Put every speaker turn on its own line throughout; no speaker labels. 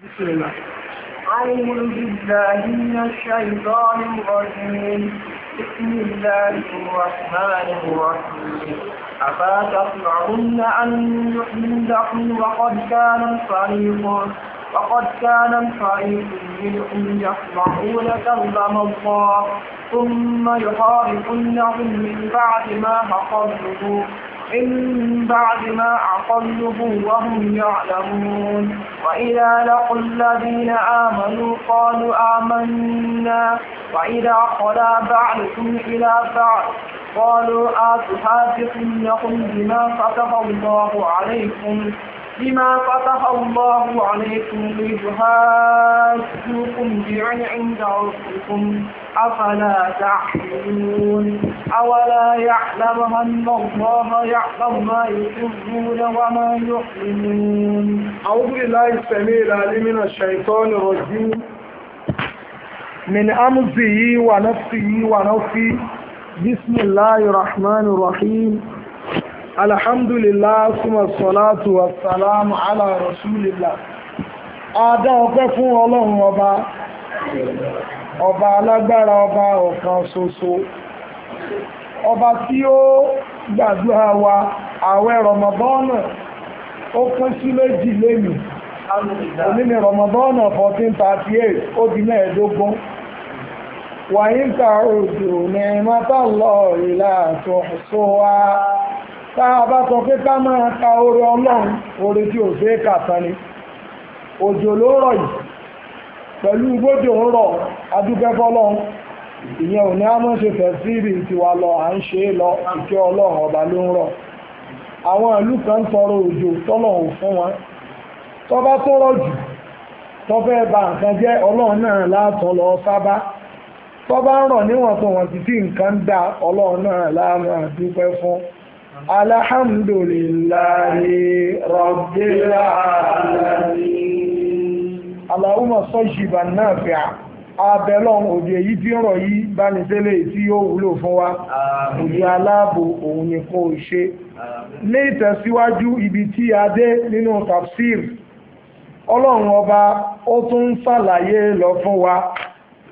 بسم الله أعوذ بالله من الشيطان الرجيم بسم الله الرحمن الرحيم أفا تطمعن أن يحمدكم وقد كان الفريق وقد كان الفريق منهم يسمعون كلام الله ثم يحاربونه من بعد ما حفظه من بعد ما عقلوه وهم يعلمون وإذا لقوا الذين آمنوا قالوا آمنا وإذا خلا بعضكم إلى بعض قالوا أتهاتكم لكم بما فتح الله عليكم بما فتح الله عليكم إذ هاجوكم بعن عند ربكم أفلا تعقلون أولا يعلم أن الله يعلم ما يسرون وما يعلنون أعوذ بالله السميع العليم من الشيطان الرجيم من أمزه ونفسه ونفسه بسم الله الرحمن الرحيم alhamdulillah suma salatu wa salamu ala rasulillah adá ọpẹ́ fún ọlọ́run ọba ọba alágbára ọba ọ̀kan ṣoṣo ọba tí ó gbàdúrà wa àwẹ̀ rọmọbọ́ọ̀nà ó pín sí méjì lẹ́yìn òní ni rọmọbọ́ọ̀nà 1438 ó di mẹ́ẹ̀ẹ́dógún wàyíǹkà òdò ní mọ́tàlọ́ọ̀rì láàtọ̀ ṣọ́wá tá a bá sọ pé ká máa ka oore ọlọ́run oore tí ò ṣeé kà tán ni òjò ló rọ̀ yìí pẹ̀lú gbójò ń rọ̀ adúgbẹ́fọ́ ọlọ́run ìyẹn ò ní á mọ́ ṣe fẹ̀síìrì tiwa lọ à ń ṣe é lọ ìkẹ́ ọlọ́run ọba ló ń rọ̀ àwọn ìlú kan tọrọ òjò tọ́lọ̀ ò fún wọn tó bá tọrọ jù tó fẹ́ ba nǹkan jẹ́ ọlọ́run náà látàn lọ sábà tó bá ń rọ̀ níwọ̀n tó wọ̀n títí nǹkan dá ọlọ́run náà láàrín àdúpẹ́ fún alhamdulillahi rabbil alamin Allahumma sayyiban nafi'a abẹ́lọ́n òdì èyí tí ń rọ̀ yìí bá ní tẹ́lẹ̀ tí yóò wúlò fún wa òdì aláàbò òun ni kò ṣe ní ìtẹ̀síwájú ibi tí a dé nínú tafsir ọlọ́run ọba ó tún ń lọ fún wa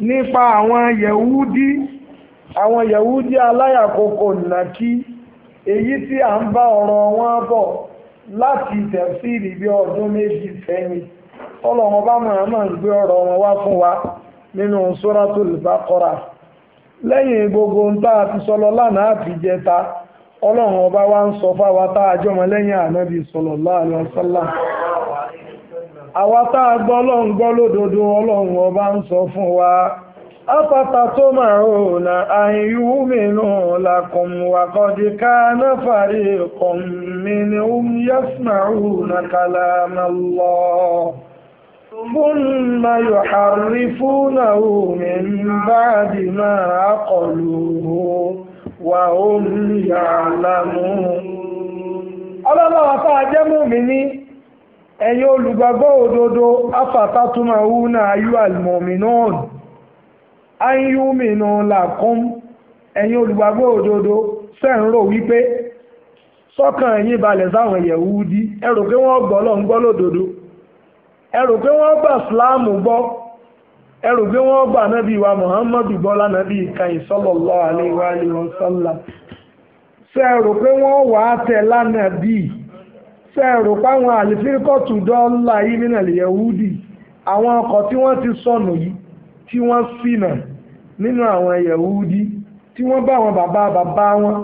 nípa àwọn yẹ̀wúdí àwọn yẹ̀wúdí aláyàkókò nàkí èyí tí a ń bá ọ̀rọ̀ wọn bọ̀ láti tẹ̀síìrì bí ọdún méjì sẹ́yìn ọlọ́run bá máa máa ń gbé ọ̀rọ̀ wọn wá fún wa nínú Suratul Baqara lẹ́yìn gbogbo ń tá a ti sọlọ lánàá àtijẹta ọlọ́run ọba wa ń sọ fáwa tá a jọmọ lẹ́yìn ànábì sallallahu alaihi wasallam àwa tá a gbọ́ ọlọ́run gbọ́ lódodo ọlọ́run ọba ń sọ fún wa. أفتطمعون أن يؤمنوا لكم وقد كان فريق منهم يسمعون كلام الله ثم يحرفونه من بعد ما عقلوه وهم يعلمون ọlọ́lọ́wọ́ tá a jẹ́ mùmíní olùgbàgbọ́ òdodo afatatuma na ayu ayúmínú làkún ẹ̀yin olùgbàgbọ́ òdodo sẹ́ǹrò wípé sọ́kàn ẹ̀yin balẹ̀ sáwọn Yẹhudi ẹ rò pé wọ́n gbọ́ lọ́n gbọ́ lódodo ẹ rò pé wọ́n gbà síláàmù gbọ́ ẹ pé wọ́n gbà nábì wa Muhammadu gbọ́ lánàbí ìkàyìn sallallahu alaihi wa alihi wasallam ṣé ẹ rò pé wọ́n wà á tẹ̀ lánàbí ṣé ẹ rò pé àwọn àlìfíríkọ̀tù dọ́là yìí nínú Yẹhudi tí wọ́n ti sọnù nínú àwọn yahudi tí wọ́n bá àwọn bàbá bàbá wọn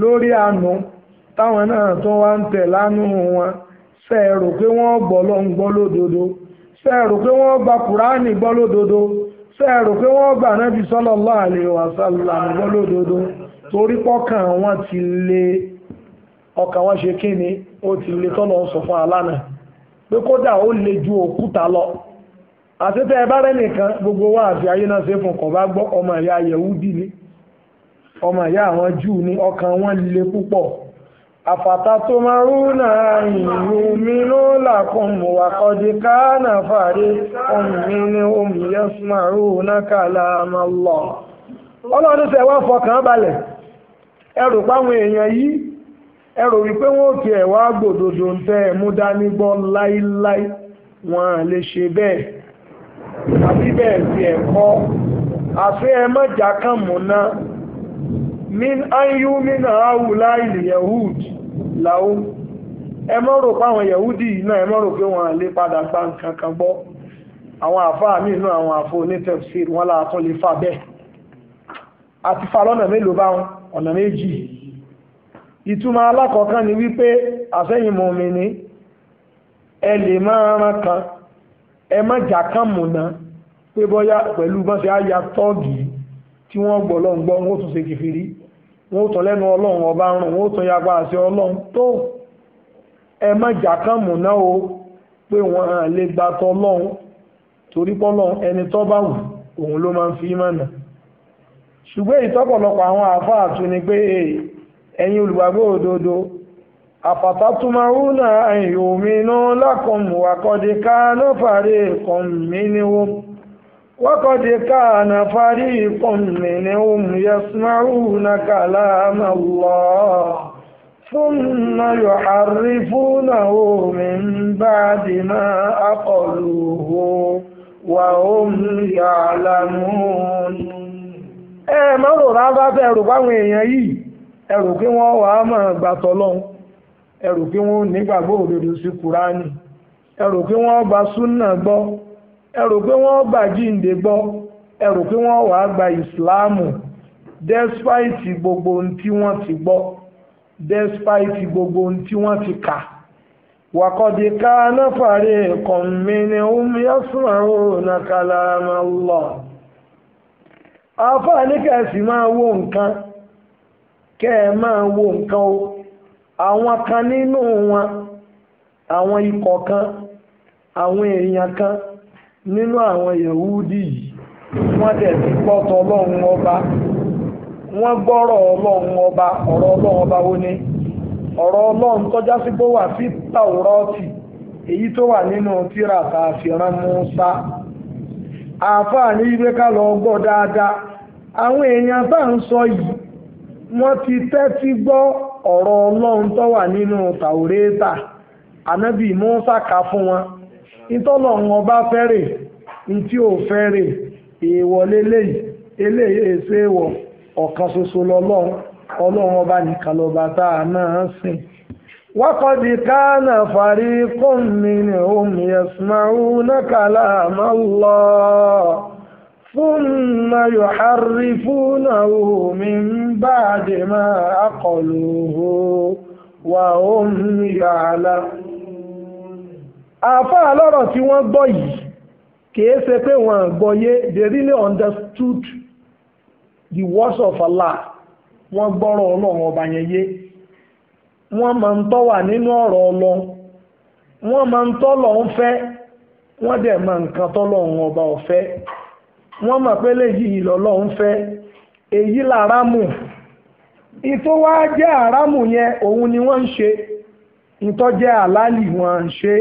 lórí àánú táwọn náà tó wá ń tẹ̀ lánú wọn ṣe é pé wọ́n gbọ́ lọ́n gbọ́ lódodo ṣe é pé wọ́n gba Kùránì gbọ́ lódodo ṣe é pé wọ́n gba Nábì sallallahu alaihi wasallam gbọ́ lódodo torí pọ́kàn wọn ti lé ọkàn wọn ṣe kí ó ti lé tọ́lọ́ sọ fún alánà pé kódà ó le ju òkúta lọ àtẹ́tẹ́ ẹbá rẹ̀ nìkan gbogbo wa àti ayé náà ṣe fún kọ̀ bá gbọ́ ọmọ ìyá yẹ̀wúdí ni ọmọ ìyá àwọn júù ní ọkàn wọn le púpọ̀ àfàtà tó máa rú náà ìlú mi ló làkún wà kọjí káánà fàdé ohun mi ní ohun yẹsù rú náà kàlà máa lọ. ọlọ́run ṣe wá fọkàn balẹ̀ ẹrù páwọn èèyàn yìí ẹrù wípé wọn ò tiẹ̀ wá gbòdòdó ń tẹ́ ẹ̀ mú dání gbọ́ láíláí wọn à lè ṣe bẹ́ẹ̀. àbí bẹ́ẹ̀ fi ẹ̀kọ́ àfi ẹ mọ́jà kan múná min anyu min awu láìlì yahud làwọn ẹ mọ́ rò pé àwọn yahudi yìí náà ẹ mọ́ rò pé wọ́n á lè padà gba nǹkan kan gbọ́ àwọn àfáà míì náà àwọn àfọ onítẹ̀fsir wọn láàtún lè fà bẹ́ẹ̀ àti fa lọ́nà mélòó bá wọn ọ̀nà méjì ìtumọ̀ alákọ̀ọ́kan ni wípé àsẹ́yìn mọ̀mìnì ẹ lè máa rán kan ẹ má jà kán múná pé bọ́yá pẹ̀lú bọ́n ṣe àyà tọ́ọ̀gì tí wọ́n gbọ́ lọ́n gbọ́ wọ́n tún ṣe kìfìrí wọ́n tún lẹ́nu ọlọ́run ọba ń rùn wọ́n tún ya agbára sí ọlọ́run tó ẹ má jà kán múná o pé wọ́n hàn lè gba tọ́lọ́run torí pọ́lọ́run ẹni tó bá wù òun ló máa ń fi mọ̀nà ṣùgbọ́n ìtọ́pọ̀lọpọ̀ àwọn àáfàá tún ni pé ẹ̀yin olùgbàgbọ́ òdodo أفتطمعون أن يؤمنوا لكم وقد كان فريق منهم وقد كان فريق منهم يسمعون كلام الله ثم يحرفونه من بعد ما أقلوه وهم يعلمون ẹ má rò rárá bẹ́ẹ̀ rò báwọn èèyàn yìí ẹ rò pé wọ́n wàá máa gbàtọ́ lọ́hùn ẹrù kí wọ́n nígbàgbọ́ òdodo sí kúránì ẹrù kí wọ́n gba súnà gbọ́ ẹrù kí wọ́n gba jíǹde gbọ́ ẹrù kí wọ́n wàá gba ìsìláàmù despite gbogbo ohun tí wọ́n ti gbọ́ despite gbogbo ohun tí wọ́n ti kà wàkọ̀dì ká náfàrí kọ̀mínì omi yasma'una kalama Allah lọ. ní kẹ̀sì máa wo nǹkan kẹ́ ẹ máa wo nǹkan o. àwọn kan nínú wọn àwọn ikọ̀ kan àwọn èèyàn kan nínú àwọn yahudi yìí wọ́n dẹ̀ ti gbọ́tọ̀ ọlọ́run ọba wọ́n gbọ́rọ̀ ọlọ́run ọba ọ̀rọ̀ ọlọ́run ọba ó ní ọ̀rọ̀ ọlọ́run tọ́já sí pé wà sí tàwùrọ́ọ̀tì èyí tó wà nínú tírà tá Musa. Àfààní rán Mùsá lọ gbọ́ dáadáa àwọn èèyàn bá à ń sọ yìí wọ́n ti tẹ́tí gbọ́ ọ̀rọ̀ ọlọ́run tó wà nínú tàwórẹ́tà ànábì Mùsá kà fún wọn ìtọ́lọ̀ wọn bá fẹ́rẹ̀ ní tí ò fẹ́rẹ̀ èèwọ̀ lélẹ́yìí eléyìí èso èèwọ̀ ọ̀kan ṣoṣo lọ́lọ́run ọlọ́run ọba nìkan lọ́ba tá a máa ń sìn. وقد كان فريق منهم يسمعون كلام الله ثم يحرفونه من بعد ما عقلوه وهم يعلمون àfáà lọ́rọ̀ tí wọ́n gbọ́ yìí kìí ṣe pé wọ́n gbọ́yé they really understood the words of Allah wọ́n gbọ́rọ̀ ọlọ́run ọba yẹn yé wọ́n máa ń tọ́ wà nínú ọ̀rọ̀ ọlọ́run wọ́n máa ń tọ́ lọ́run fẹ́ wọ́n dẹ̀ máa nǹkan tọ́ lọ́run ọba wọ́n mọ̀ pé léyìí lọ́lọ́run fẹ́ èyí làrámù ìtò wá jẹ́ àrámù yẹn òun ni wọ́n ń ṣe ìtọ́ jẹ́ àlálì wọ́n ń ṣe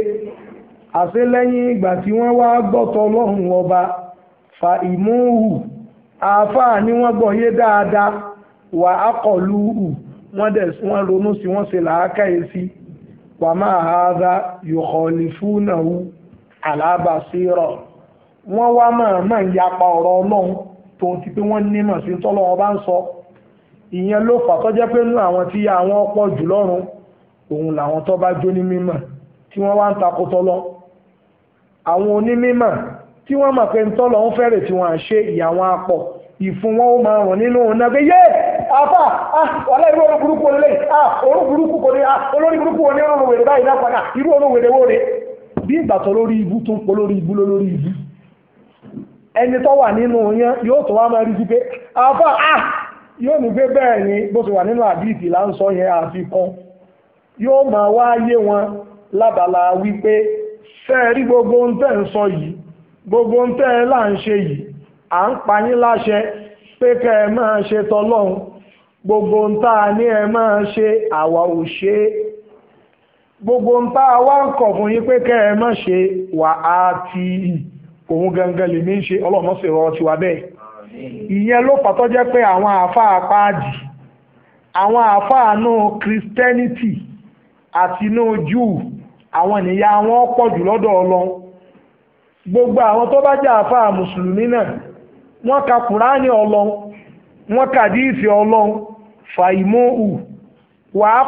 àṣẹ lẹ́yìn ìgbà tí wọ́n wá gbọ́tọ̀ ọlọ́run ọba fa ìmúhù àáfàá ni wọ́n gbọ́yé dáadáa wà á kọ̀lù hù wọ́n dẹ̀ wọ́n ronú sí wọ́n ṣe làákàyè sí wà máa ha dá yòkọ̀ọ̀lì fúnà hù alábàṣírọ̀ wọ́n wá máa máa ń yapa ọ̀rọ̀ ọlọ́run tó ti pé wọ́n ní mọ̀ sí tọ́lọ́run bá ń sọ ìyẹn ló fà tó jẹ́ pé nú àwọn tí àwọn ọ̀pọ̀ jù lọ́rùn òun làwọn tó bá jó ní mímọ̀ tí wọ́n wá ń takò tọ́lọ́ àwọn onímímọ̀ tí wọ́n mọ̀ pé tọ́lọ́run fẹ́rẹ̀ tí wọ́n à ń ṣe ìyàwọn apọ̀ ìfún wọn ó máa rùn nínú òun náà pé yé àfà wàlẹ́ ah! irú olórí burúkú olè ah! olórí burúkú kò ní ah! olórí burúkú onírúurú wèrè báyìí náà padà irú olórí wèrè wò rè bí ìgbà tó lórí ibú tó ń polórí ibú lórí ibú ẹni tó wà nínú yẹn yóò tó wá máa rí sí àfà á ah, yóò ní pé bẹ́ẹ̀ ni bó ṣe wà nínú wọn lábala wípé sẹ́ẹ̀rí gbogbo ń tẹ̀ ń gbogbo ń tẹ́ là ń ṣe yìí à ń gbogbo ń tá ní ẹ máa ṣe àwa gbogbo ń a wá ń kọ̀ fún yín pé ṣe wà á òun gangan lèmi ń ṣe ọlọ́nà sì rọ tiwa bẹ́ẹ̀ ìyẹn ló fà jẹ́ pé àwọn àáfàá páàdì àwọn àáfàá náà christianity àti náà jew àwọn nìyá wọn pọ̀ jù lọ́dọ̀ gbogbo àwọn tó bá jẹ́ àáfàá mùsùlùmí náà wọ́n ka kùránì wọ́n ka díìsì fàìmọ́ ù wàá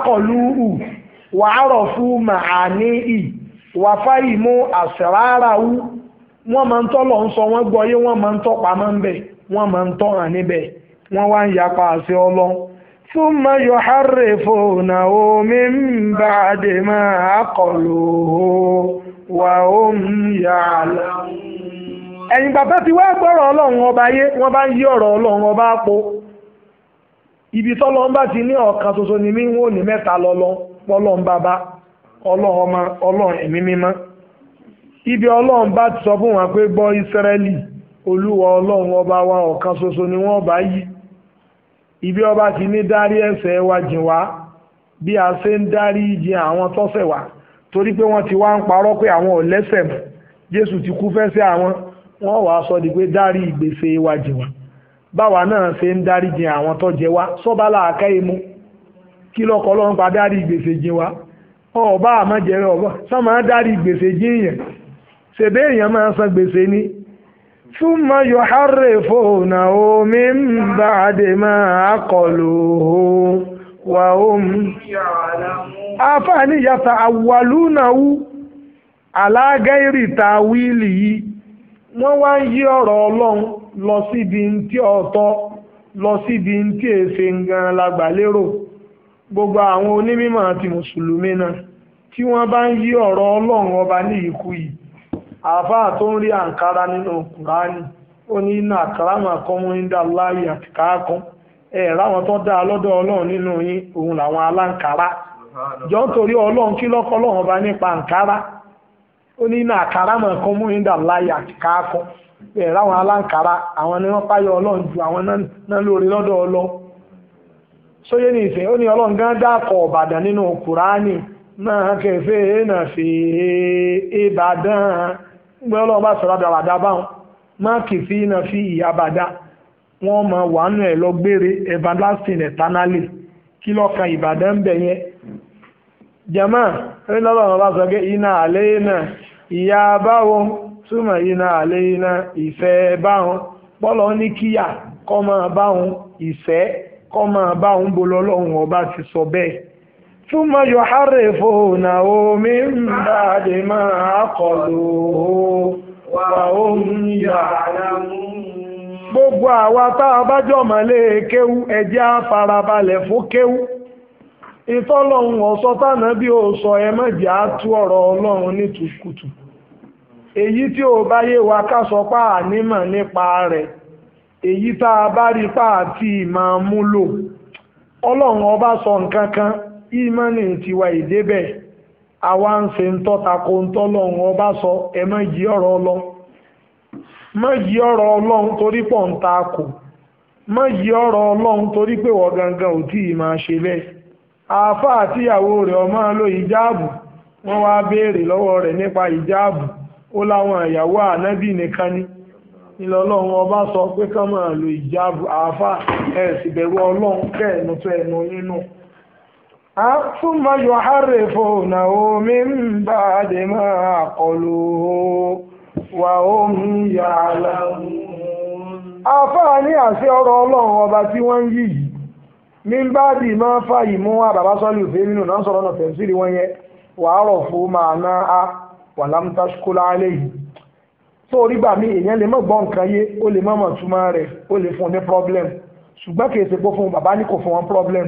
ù wọ́n máa ń tọ́lọ̀ ń sọ wọ́n gbọ́ yé wọ́n máa ń tọ́ pamọ́ ń bẹ̀ wọ́n máa ń tọ́ràn níbẹ̀ wọ́n wá ń yapa àṣẹ ọlọ́run ثم يحرفونه من بعد ما عقلوه وهم يعلمون ẹ̀yin bàbá ti wá gbọ́rọ̀ ọlọ́run ọba yé wọ́n bá ń yí ọ̀rọ̀ ọlọ́run ọba po ibi tọ́lọ́run bá ti ní ọ̀kan ṣoṣo ni mí ń wò ní mẹ́ta lọ́lọ́ pọ́lọ́run bàbá ọlọ́run ọmọ ọlọ́run ẹ̀mí mímọ́ ibi ọlọ́run bá ti sọ fún wọn pé gbọ́ ìsírẹ́lì olúwa ọlọ́run ọba wa ọ̀kan ṣoṣo ni wọ́n bá yí ibi ọba ti ní dárí ẹ̀ṣẹ̀ wa jìn wá bí a ṣe ń dárí jìn àwọn tọ́ṣẹ̀ wá torí pé wọ́n ti wá ń parọ́ pé àwọn ò lẹ́ṣẹ̀ mọ́ jésù ti kú fẹ́ṣẹ̀ àwọn wọ́n wàá sọ di pé dárí ìgbèsè wa jìn wá báwa náà ṣe ń dárí jìn àwọn tó jẹ wá sọ́ba làákà imú kí lọ́kọ̀ ọlọ́run pa dárí ìgbèsè jìn wá ọba àmọ́jẹrẹ ọba sọ́mọ́ dárí ìgbèsè jìn yẹn ṣèbí èèyàn máa san gbèsè ni súnmọ́ yóò hárè fóònà omi ń bá máa wà omi. àfààní yàtọ̀ àwàlúnàwú wíìlì yìí wọ́n wá ń yí ọ̀rọ̀ ọlọ́run lọ síbi lọ síbi èsè gbogbo àwọn onímọ̀ àti mùsùlùmí náà tí wọ́n bá ń yí ọ̀rọ̀ ọlọ́run ọba ní afa tó ń rí àǹkárá nínú kùránì ó ní iná àkàràmà kọ́mú ìdá láàyè àti káàkún ẹ̀ ráwọn tó dáa lọ́dọ̀ ọlọ́run nínú yín òun làwọn aláǹkárá jọ nítorí ọlọ́run kí lọ́kọ́ ọlọ́run ọba nípa àǹkárá ó ní iná ìdá láàyè àti ẹ̀ ráwọn aláǹkárá àwọn ni wọ́n páyọ ọlọ́run ju àwọn náà lórí lọ́dọ̀ ní ó ní ọlọ́run ọ̀bàdàn nínú kùránì náà kẹfẹ́ náà gbé ọlọ́run bá sọ̀rọ̀ àdàwàdà báwọn máàkì fi iná fi ìyàbàdà wọn máa wàánú ẹ̀ lọ gbére everlasting eternally kí lọ́ọ̀kan ìbàdàn ń bẹ̀ yẹn jama ẹni lọ́lọ́run bá sọ pé iná àlẹ́ iná ìyá túmọ̀ iná àlẹ́ iná ìfẹ́ báwọn ثم يحرفونه من بعد ما عقلوه وهم يعلمون gbogbo àwa tá a bá jọmọ lé e kéwú ẹjẹ́ ìtọ́lọ́hun ọ̀sọ́ tánà bí ó sọ ẹ mọ̀jẹ̀ á tú ọ̀rọ̀ ọlọ́run ní èyí tí bá yé wa ká sọ pa ànímọ̀ nípa rẹ̀ èyí tá a bá rí àti ìmọ̀ ọba sọ nǹkan ìmánì ti Idebe ìdébẹ̀ àwa ń ṣe ń tọ́ta kó ń tọ́lọ́run ọba sọ ẹ má yí ọ̀rọ̀ ọlọ́run má yí ọ̀rọ̀ ọlọ́run gangan ò tí ṣe bẹ́ẹ̀ àáfà àtìyàwó rẹ̀ ọmọ ló wọ́n wá béèrè lọ́wọ́ rẹ̀ nípa ni ọba sọ pé ká máa lo àáfà sì tó ثم يحرفونه من بعد ما قلوه وهم يعلمون àfáàní àṣẹ ọ̀rọ̀ ọlọ́run ọba tí wọ́n ń yí yìí mímbáàdì máa fa ìmú wa bàbá sọ́lì òfin nínú náà sọ̀rọ̀ náà tẹ̀sílì wọ́n yẹ gbà mí èèyàn lè mọ̀ gbọ́ nǹkan yé ó lè mọ̀ mọ̀ túmọ̀ rẹ̀ ó lè fún un ní problem ṣùgbọ́n kì í ṣe pé fún bàbá ní kò fún wọn problem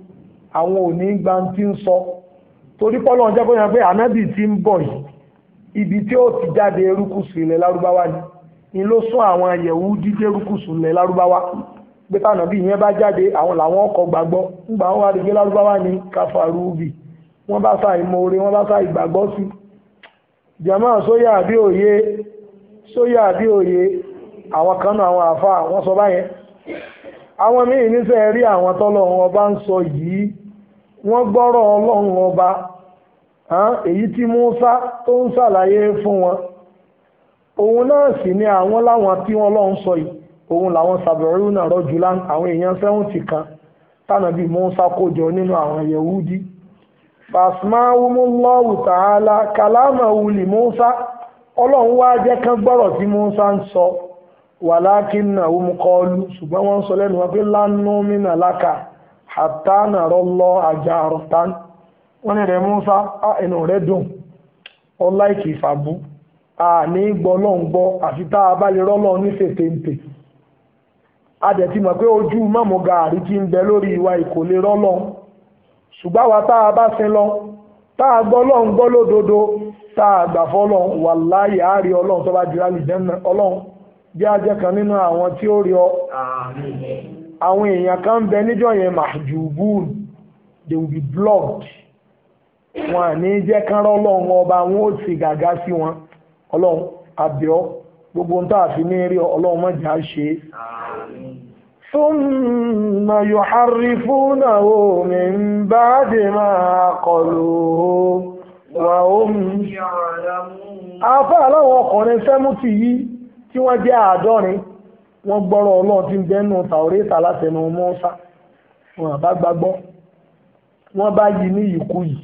àwọn òní gba ti ń sọ torí pọ́lọ́ ọjọ́ bóyá pé ànábì ti ń bọ̀ yìí ibi tí ó ti jáde erékùsù ilẹ̀ lárúbáwá ni ni ló sún àwọn àyẹ̀wò dídé erékùsù ilẹ̀ lárúbáwá pé tànàbí ìyẹn bá jáde àwọn làwọn ọkọ̀ gbàgbọ́ ńgbà wọn wá rí gbé lárúbáwá ní káfàrúbì wọ́n bá sa ìmoore wọ́n bá sa ìgbàgbọ́ sí jama sóyà àbí òye sóyà àbí òye àwọn kan náà àwọn àfa àwọn sọ báyẹn àwọn míì níṣẹ́ rí àwọn tọ́lọ̀ wọn ń sọ yìí wọ́n gbọ́rọ̀ ọlọ́run ọba èyí tí Musa tó ń ṣàlàyé fún wọn òun náà sì ni àwọn láwọn tí wọ́n lọ́n sọ yìí òun làwọn sàbẹ̀rù náà rọ́jú lá àwọn èèyàn sẹ́wọ̀ntì kan tánàbí Musa kójọ nínú àwọn Yahudi fasmahumullahu ta'ala kalama li Musa ọlọ́run wá jẹ́ kán gbọ́rọ̀ tí Musa ń sọ wàlákìnnà òun kọlu ṣùgbọ́n wọ́n sọ lẹ́nu wọn pé lánàá mìíràn lákàá hàtánà rọ́lọ́ àjà àrọ̀tán wọ́n ní remusa Musa á dùn ọlá ìkì ìfàbú a ní gbọ́ lọ́n tá a bá lè rọ́lọ́ ní a dẹ̀ ti mọ̀ pé ojú mọ̀mọ́ gàárì ti ń bẹ lórí ìwà ìkò lè rọ́lọ́ ṣùgbọ́n àwa tá a bá sin lọ tá a gbọ́ a gbà kan nínú àwọn tí ó rí ọ. àwọn èèyàn kan ń bẹ níjọ́ yẹn mahjubun they will be blocked wọn à ní jẹ́ kán rọ́lọ́run ọba wọn ó sì gàgá sí wọn ọlọ́run àbíọ́ gbogbo ń tà fi ní rí ọlọ́run mọ̀jà ṣe é. ثم يحرفونه من بعد ما قلوه وهم يعلمون. afẹ́ aláwọ̀ ọkùnrin sẹ́mùtì yìí tí wọ́n gbọ́rọ̀ ọlọ́run tí ń bẹ́nu tàórẹ́ta látẹnu mọ́sá wọn àbá gbàgbọ́ wọ́n bá yí ní ìkú yìí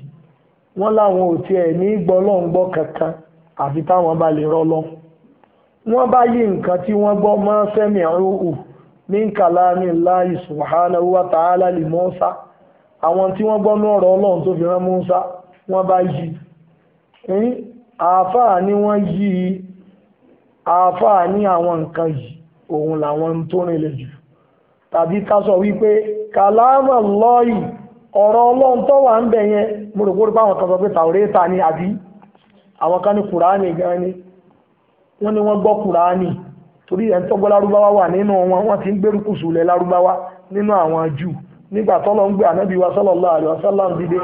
wọ́n láwọn ò tiẹ̀ ní gbọ́lọ́run gbọ́ kankan àfi táwọn bá lè rọ́lọ́ wọ́n bá yí nǹkan tí wọ́n gbọ́ mọ́ sẹ́mi àrùhù ní kàlámì láì subhanahu wa ta'ala lè mọ́sá àwọn tí wọ́n gbọ́ ní ọ̀rọ̀ ọlọ́run tó fi rán mọ́sá wọ́n bá yí àáfàá ni wọ́n yí àáfàá ní àwọn nǹkan yìí òun làwọn tó rìnlẹ̀ jù tàbí ká sọ wípé kàlámà lọ́ọ̀yì ọ̀rọ̀ ọlọ́run tó wà ń bẹ̀ yẹn báwọn kan sọ pé ni àbí àwọn kan ní kùránì gan ni wọ́n ní wọ́n gbọ́ kùránì torí ẹ̀ ń tọ́gbọ́ lárúbáwá wà nínú wọn wọ́n ti ń gbérùkù sùlẹ̀ lárúbáwá nínú àwọn jù nígbà tọ́lọ́ ń gbé ànábì wa sallallahu alaihi wasallam dìde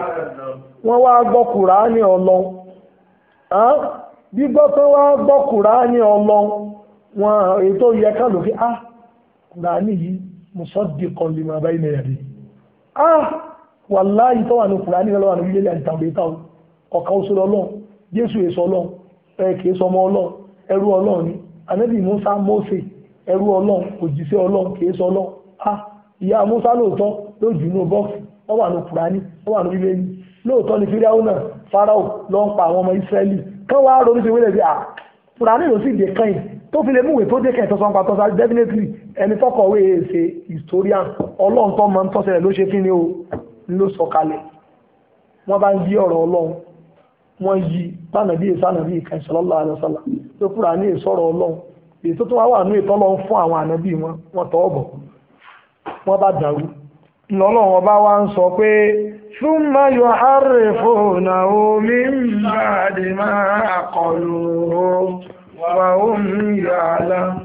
wọ́n wọn ètò yẹ ká lókè á ah, kùránì yìí musaddiqan lima bayna yadi á wàláyé tó wà ní kùránì lọ́wọ́ àwọn ilé àtàwọn ètò ọ̀ka oṣù lọ́lọ́ jésù èso ọlọ́run ẹ̀ sọmọ ọlọ́run ẹrú ọlọ́run ni anábì musa mose ẹrú ọlọ́run òjíṣẹ́ ọlọ́run kìí sọ ọlọ́run á ah, ìyá musa lóòótọ́ lójú inú bọ́ọ̀sì wọ́n wà ní kùránì wọ́n wà ní ilé lóòótọ́ ni fíríàwó náà farao ló pa àwọn ọmọ ìsírẹ́lì kán wá ronú sí wílẹ̀ bí i à kùránì ló sì dé kàn yìí tó fi lè múwèé tó dékẹ̀ tó sanpa tó sáré definitely ẹni tọkọ̀wé e ṣe historian ọlọ́run tó máa ń tọ́sẹ̀rẹ̀ ló ṣe kíni o ló sọ kalẹ̀ wọ́n bá ń yí ọ̀rọ̀ ọlọ́run wọ́n yí pànàbí ìsànàbí ìkà sallallahu alaihi wasallam tó kúrò ní ìsọ̀rọ̀ ọlọ́run èyí tó tún wá wà ní ìtọ́lọ́run fún àwọn ànábì wọn wọ́n tọ́ ọ̀bọ̀ wọ́n bá dàrú lọ́lọ́run ọba wa ń sọ pé ثم يحرفونه من بعد ما عقلوه wà ó ń yà á lá.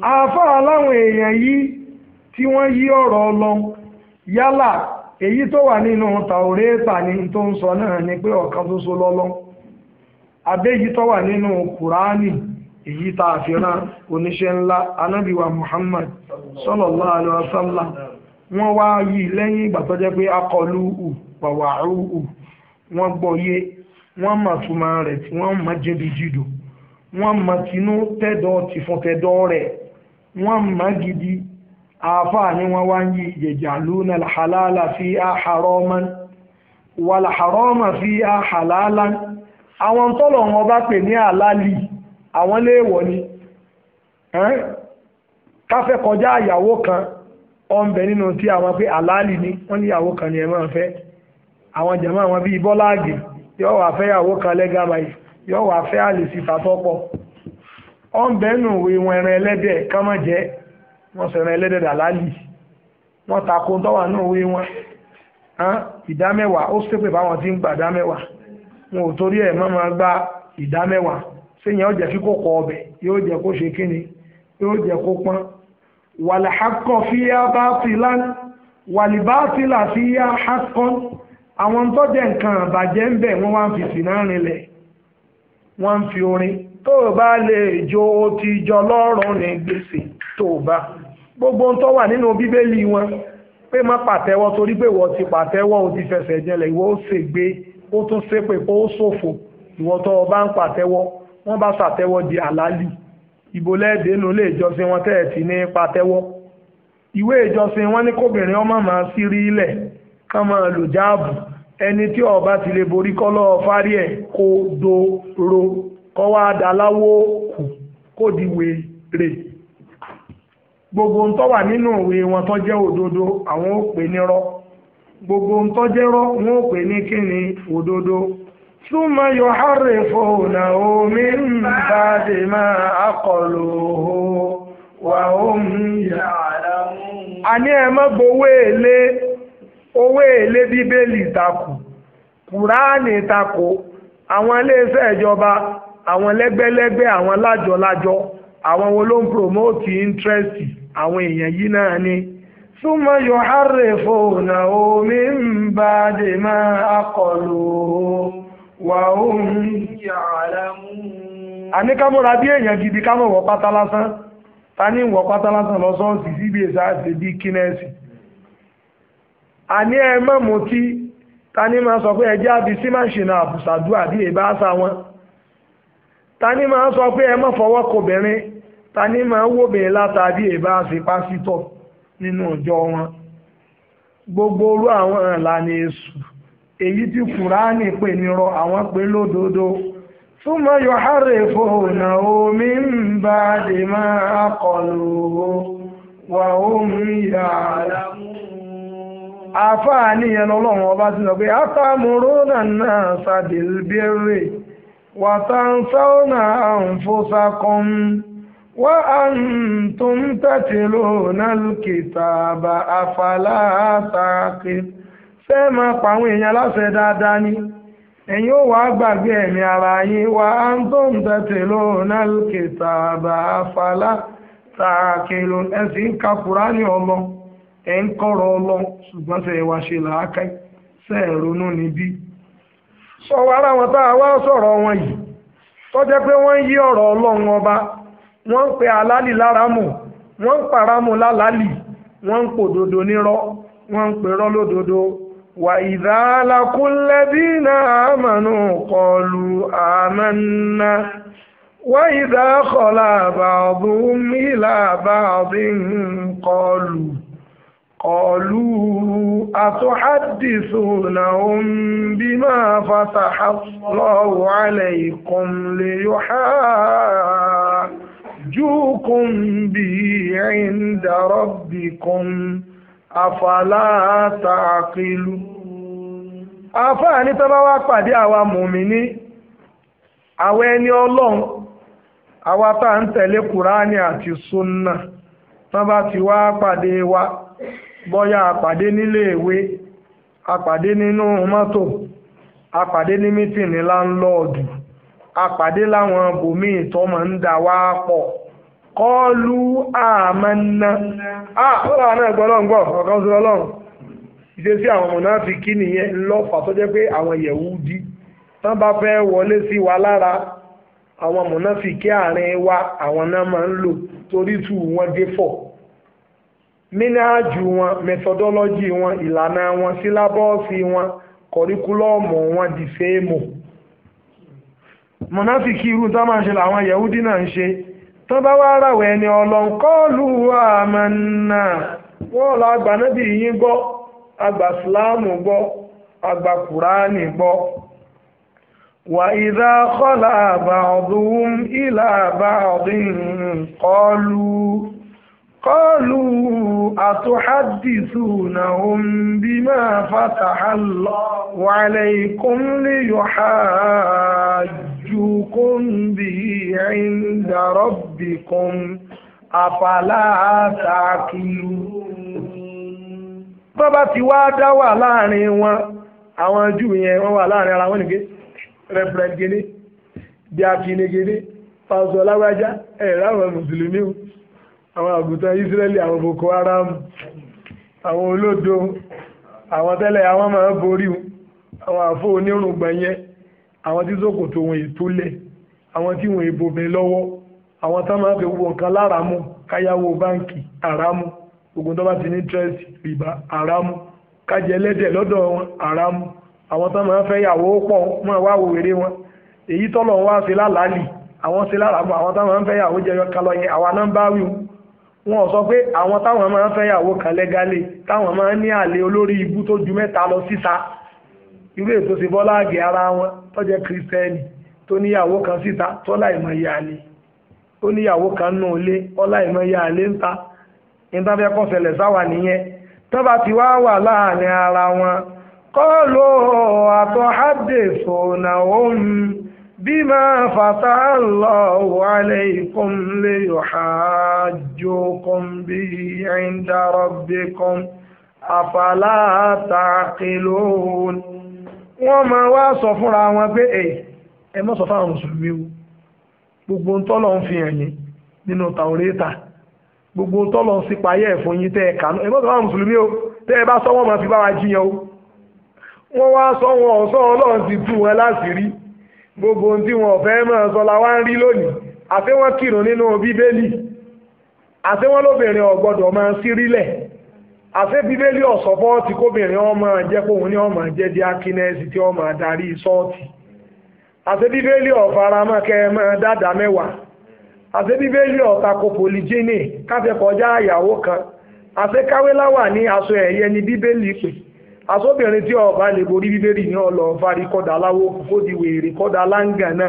àáfàá láwọn èèyàn yìí tí wọ́n yí ọ̀rọ̀ lọ yálà èyí tó wà nínú taureta ni tó ń sọ náà ni pé ọ̀kan ṣoṣo lọ́lọ́ àbẹ́yí tó wà nínú kùránì èyí ta a oníṣẹ́ ńlá anábìwà Muhammad sallallahu wọ́n wá lẹ́yìn ìgbà tó jẹ́ pé akọlu ù pàwàrú ù wọ́n wọ́n rẹ̀ tí wọ́n jẹ́bi jìdò wọ́n mọ tinú tẹ́dọ̀ tìfún tẹ́dọ̀ rẹ̀ wọ́n mọ gidi àáfàá ni wọ́n wá ń yí ìjẹ̀jà lónà halálà fi àhàrọ́mọ́n wàlàhàrọ́mọ́ fi àhàlálà àwọn tọ́lọ̀ wọn bá pè ní àlálì àwọn léèwọ̀ ni káfẹ́ kọjá àyàwó kan ọ̀nbẹ nínú tí àwọn pé àlálì ni wọ́n ní ìyàwó kan ni ẹ̀ máa fẹ́ àwọn jàmáà wọn bíi bọ́láàgì yóò wà fẹ́yàwó kan lẹ́gàmáyìí yóò wá fẹ́ àlè sí fàtọ́pọ̀ ọ̀nbẹ́nu ìwé wọn ẹran ẹlẹ́dẹ̀ kánmọ́ jẹ́ wọ́n sẹ̀ran ẹlẹ́dẹ̀ dàlálì wọ́n tako tọ́wà náà ìwé wọn ìdámẹ́wàá ó ṣépè báwọn ti ń gbà dámẹ́wàá wọn ò torí ẹ̀ mọ́ máa gba ìdámẹ́wàá sẹ́yìn ó jẹ́ kí kò kọ ọbẹ̀ yóò jẹ́ kó ṣe kíni yóò jẹ́ kó pọ́n wàlàhákọ̀ fi yá bátìlá wàlìbátìlá fi yá hákọ́ àwọn tó jẹ́ nǹkan àbàjẹ́ ń bẹ̀ wọ́n wá ń fi sí náà rinlẹ̀ wọ́n ń fi orin tó bá lè jó ti jọ lọ́rùn ní gbèsè tó o bá gbogbo ń tọ́ wà nínú bíbélì wọn pé má pàtẹ́wọ́ torí pé ìwọ ti pàtẹ́wọ́ o ti fẹsẹ̀ jẹlẹ̀ ìwọ ó ṣègbé ó tún ṣépè kó ó ṣòfò ìwọ tó bá ń pàtẹ́wọ́ wọ́n bá ṣàtẹ́wọ́ di àlálì ìbò lẹ́ẹ̀dẹ́ nù lè jọsìn wọn tẹ́ ti ní pàtẹ́wọ́ ìwé ìjọsìn wọn ní kóbìnrin ọmọ màá sí rí ilẹ̀ ká máa lò jáàbù ẹni tí ọba ti lè borí kọ́lọ́ fárí ẹ̀ kó dòrò kọ́ wá daláwó kù kó di wèrè gbogbo ń tó wà nínú òwe wọn tó jẹ́ òdodo àwọn ò pè nírọ́ gbogbo ń tó jẹ́ rọ́ wọn ò pè ní kíni òdodo súnmọ́ yóò hárẹ̀ fòhùnà omi ń bá dè máa akọ̀lò wà ó mú yà á ní ẹ má gbowó èlé owó èlé bíbélì takò kùránì takò àwọn iléeṣẹ́ ìjọba àwọn lẹ́gbẹ́lẹ́gbẹ́ àwọn lájọlájọ àwọn wo ló ń promote interest àwọn èèyàn yìí náà ni. súnmọ́ yóò hárè fòun omi ń bá dè máa akọlù wà òun yàrá mú. àní ká múra bí èèyàn gidi ká mọ̀ wọ́ pátá lásán ta ni wọ́ pátá lásán lọ sọ́ọ̀sì síbi e, èsà àní ẹ mọ̀ mú tí tani máa sọ pé ẹjẹ́ àbí sí máṣínà àbùsàdú àbí èbá sá wọn tani máa sọ pé ẹ mọ̀ fọwọ́ kobìnrin tani máa wóbìnrin látàbí èbá sí pásítọ̀ nínú ọjọ́ wọn gbogbo orú àwọn ìlànà èṣù èyí tí kùránì pè ní rọ àwọn pé lódodo súnmọ́ yọ̀hárè fòhùnà omi ń bá dè máa kọlù wà ó mú yàrá mú. àáfàá nìyẹn lọ́lọ́run ọba ti sọ pé àtàmúrúnà náà sàdìlbẹ̀rẹ̀ wàtàǹsáwọ̀nà àǹfọ̀sàkọ́m wà àǹtún tẹ̀tìlò nàlùkìtàbà àfàlàtàkì fẹ́ máa pa àwọn èèyàn láṣẹ dáadáa ni ẹ̀yin ó wàá gbàgbé ẹ̀mí ara yín wà àǹtún tẹ̀tìlò nàlùkìtàbà ẹ̀sìn ẹ̀ ń kọ́rọ̀ ọlọ́ ṣùgbọ́n ṣe wá ṣe làákà ṣe ẹ̀ ronú níbí. sọ̀rọ̀ ara wọn tá a wá sọ̀rọ̀ wọn yìí tó jẹ́ pé wọ́n ń yí ọ̀rọ̀ ọlọ́run ọba wọ́n ń pe àlálì láramù wọ́n ń paramù lálálì wọ́n ń pòdodo nírọ́ wọ́n ń perọ́ lódodo. wà ìdálákúnlẹ́bí náà àmànù kọlu àmànà. وإذا خلا بعضهم إلى بعض قالوا قالوا أتحدثونهم بما فتح الله عليكم ليحاجوكم به عند ربكم أفلا تعقلون àfáàní tó bá wá pàdé àwa mùmíní àwa ẹni ọlọ́run àwa awa à ń tẹ̀lé àti sunna ti pàdé wa bọ́yá àpàdé nílé ìwé àpàdé nínú mọ́tò àpàdé ní mítìnì láńlọ́ọ̀dù àpàdé láwọn bòmíì tọ́mọ̀ ń dà wá pọ̀ kọlu àmàna àpọ́lá náà gbọ́ lọ́ngbọ́ ọ̀kan sí ọlọ́run ìṣesí àwọn ọmọ náà fi kí nìyẹn lọ́fà tó jẹ́ pé àwọn Yẹ̀húdí tán bá fẹ́ wọlé sí wa lára àwọn ọmọ náà fi kí àárín wa àwọn náà máa ń lò torí tù wọ́n dé fọ̀ mínáàjù wọn methodology wọn ìlànà wọn sílábọ́ọ̀sì wọn kọ̀ríkúlọ́ọ̀mù wọn di fẹ́ẹ̀mù mọ̀náfíkì irú tá máa ṣe làwọn yẹ̀húdí náà ń ṣe tán bá wá ràwọ̀ ẹni ọlọ́nkọ́ọ̀lù àmàna wọ́n lọ àgbà nábì yín gbọ́ àgbà síláàmù gbọ́ àgbà kùránì gbọ́ wà ìdá kọ́lá àbàọ̀dún ìlà àbàọ̀dún kọ́ọ̀lù. قالوا أتحدثونهم بما فتح الله عليكم ليحاجوكم به عند ربكم أفلا تعقلون bọ́bá ti wá dá láàrin wọn àwọn jù yẹn wọ́n wà láàrin ara wọn nìké rẹ̀pẹ̀rẹ̀ gẹ́lé bí a fi àwọn àgùntàn Ísírẹ́lì àwọn Boko Haram àwọn olódo àwọn tẹ́lẹ̀ àwọn máa ń borí àwọn àfọ onírùngbọ̀n yẹn àwọn tí ṣòkòtò wọn ètò lẹ̀ àwọn tí wọn èbò mi lọ́wọ́ àwọn tó máa ń fi wo nǹkan láramu káyàwó báǹkì àrámú ogun tó bá ti ní tírẹ́sì rìbá àrámú kájẹ ẹlẹ́dẹ̀ lọ́dọ̀ wọn àrámú àwọn tó máa fẹ́ yàwó pọ̀ wọn wá wò wèrè wọn èyí tọ́lọ̀ wọn wá sí lálàálì àwọn sí láramu àwọn tó máa fẹ́ yàwó jẹyọ kalọ yẹn àwa wọn sọ pé àwọn táwọn máa ń fẹ́yàwó kan lẹ́gálẹ̀ táwọn máa ń ní àlè olórí ibú tó ju mẹ́ta lọ síta irú ètò sí bọ́lá àgẹ̀ ara wọn tó jẹ́ kristẹni tó níyàwó kan síta tó láìmọ̀ ìyá àlè tó níyàwó kan nù ilé ó láìmọ̀ ìyá àlè ń ta ní tá fẹ́ kọ́ sáwà nìyẹn tó bá ti wá wà láàrin ara wọn kọ́ ló àtọ́ òun بما فتح الله عليكم ليحاجوكم به عند ربكم أفلا تعقلون wọ́n máa wá sọ fúnra wọn pé eh, ẹ ẹ mọ́ sọ fáwọn mùsùlùmí o gbogbo ń tọ́lọ̀ ń fi hàn yín nínú tàwórẹ́ta gbogbo ń tọ́lọ̀ ń sípayẹ́ ẹ̀fọ́ yín tẹ́ ẹ kànú ẹ mọ́ sọ fáwọn mùsùlùmí o tẹ́ ẹ bá sọ wọ́n máa fi bá wa jiyàn o wọ́n wá sọ wọn ọ̀sán ọlọ́run ti tú wọn láṣìírí gbogbo tí wọn ọ̀fẹ́ máa sọ la wá ń rí lónìí àti wọn kìrò nínú bíbélì àti wọn lóbìnrin ọ̀gbọ́dọ̀ máa sí rílẹ̀ àti bíbélì ti kóbìnrin ọmọ jẹ́ pé ní ọmọ jẹ́ di akínẹ́sì tí ọmọ adarí sọ́ọ̀tì bíbélì kan káwéláwà ní aṣọ ẹ̀yẹ bíbélì pè asóbìnrin tí ọba lè borí bíbélì ní ọlọ fari kọdà aláwọ kó di wèrè kọdà láǹgànà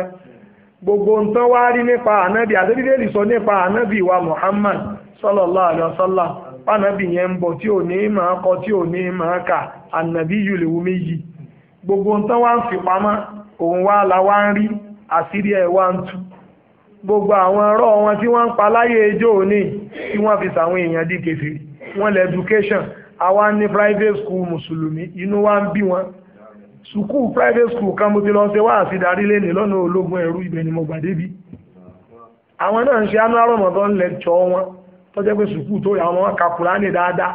gbogbo nǹkan wá rí nípa ànábì àti bíbélì sọ nípa ànábì wa Muhammad sallallahu alaihi wasallam pànábì yẹn ń bọ̀ tí ò ní máa kọ tí ò ní máa kà ànábì yìí lè wú gbogbo nǹkan wá fi pamọ́ òun wá la wá ń rí àṣírí ẹ̀ wá ń tú gbogbo àwọn ọ̀rọ̀ wọn tí wọ́n ń pa láyé ejò òní tí wọ́n fi sàwọn èèyàn di kèfèrí wọ́n lè education àwa ní private school mùsùlùmí inú wa ń bí wọn sùkúù private school kan mo ti lọ ṣe wá àṣìdarí lẹ́nu lọ́nà ológun ẹ̀rú ibẹ̀ ni mo gbà débi àwọn náà ń ṣe anú àrọ̀mọ̀tọ́ ń lẹ́tọ̀ wọn tọ́jẹ́ pé sùkúù tó àwọn wọn kàkùrá ní dáadáa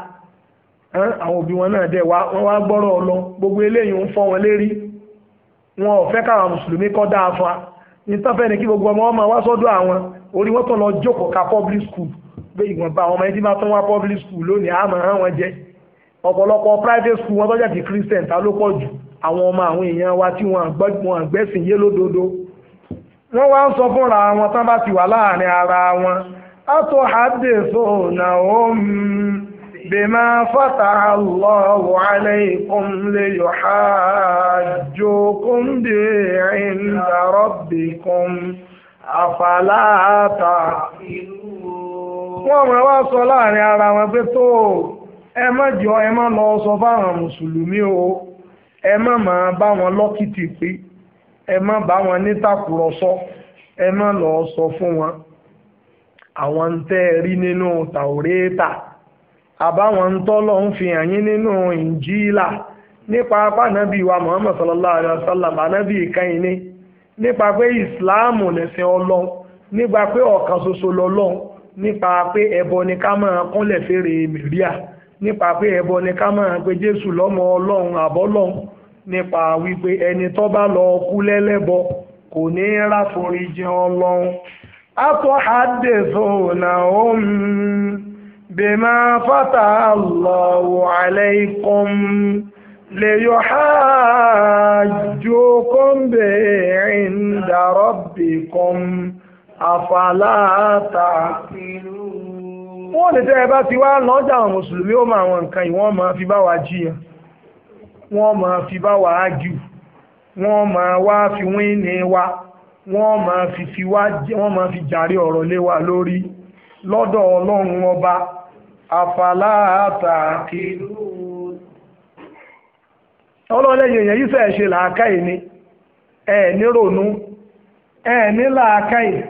àwọn òbí wọn náà dẹ̀ wọ́n wá gbọ́rọ̀ ọlọ gbogbo eléyìí ń fọ́ wọn lérí wọn ò fẹ́ káwọn mùsùlùmí kọ́ dáa fa ní tọ́fẹ́ ni kí gbogbo ọmọ wọn máa wá sọ́dọ̀ àwọn orí wọn tó lọ jókòó ka public school pé ìwọ̀nba àwọn ọmọ ẹni tí máa tún wá public school lónìí àmọ́ àwọn jẹ́ ọ̀pọ̀lọpọ̀ private school wọn tọ́jà ti christian ta ló pọ̀ jù àwọn ọmọ àwọn èèyàn wa tí wọ́n àgbẹ̀sìn yé lódodo wọ́n wá ń sọ fúnra wọn tán bá ti wà láàrin ara wọn àtò àdèso nàhóm bèmà fàtà Allahu alaykum lè yọ̀ ha jókòó dè inda rabbikum àfàlàtà. wọ́n mọ̀ wá sọ láàrin ara wọn pé tó o. ẹ má jọ ẹ má lọ sọ fáwọn mùsùlùmí o ẹ má máa bá wọn lọ́kìtì pé ẹ má bá wọn nítàkùrọ̀sọ ẹ má lọ sọ fún wọn àwọn ń tẹ́ rí nínú tàwórétà àbáwọn ń tọ́lọ́ ń fi hàn yín nínú ìnjílà nípa apá wa Muhammad sallallahu alayhi wa sallam ànábì ìkànnì ni nípa pé ìsìláàmù lẹ̀sìn ọlọ́run nípa pé ọ̀kan ṣoṣo lọ́lọ́run nípa pé ẹbọ ni ká máa kúnlẹ̀ fèrè mìríà nípa pé ẹbọ ni ká máa pe jésù lọ́mọ ọlọ́run àbọ́lọ́run nípa wípé ẹni tó bá lọ kú lẹ́lẹ́bọ kò ní ráforíjì ọlọ́run atọ́ àdèzọ́nà òun bèmà fata Allahu alaykum lè yọ hajjukum bẹ́ẹ̀ inda rabbikum afala ta'qilun. wọ́n ní tẹ́ ẹ ti wá lọ́jà àwọn mùsùlùmí ó mọ àwọn nǹkan yìí máa fi bá wa jiyàn wọ́n máa fi bá wa ágì wọ́n máa wá fi wín ní wa wọ́n máa fi fi ọ̀rọ̀ lé wa lórí lọ́dọ̀ ọlọ́run ọba àfàlàtà kìlú. ọlọ́lẹ́yìn èèyàn yìí fẹ́ẹ́ ṣe làákàyè ni ẹ ní ronú ẹ ní làákàyè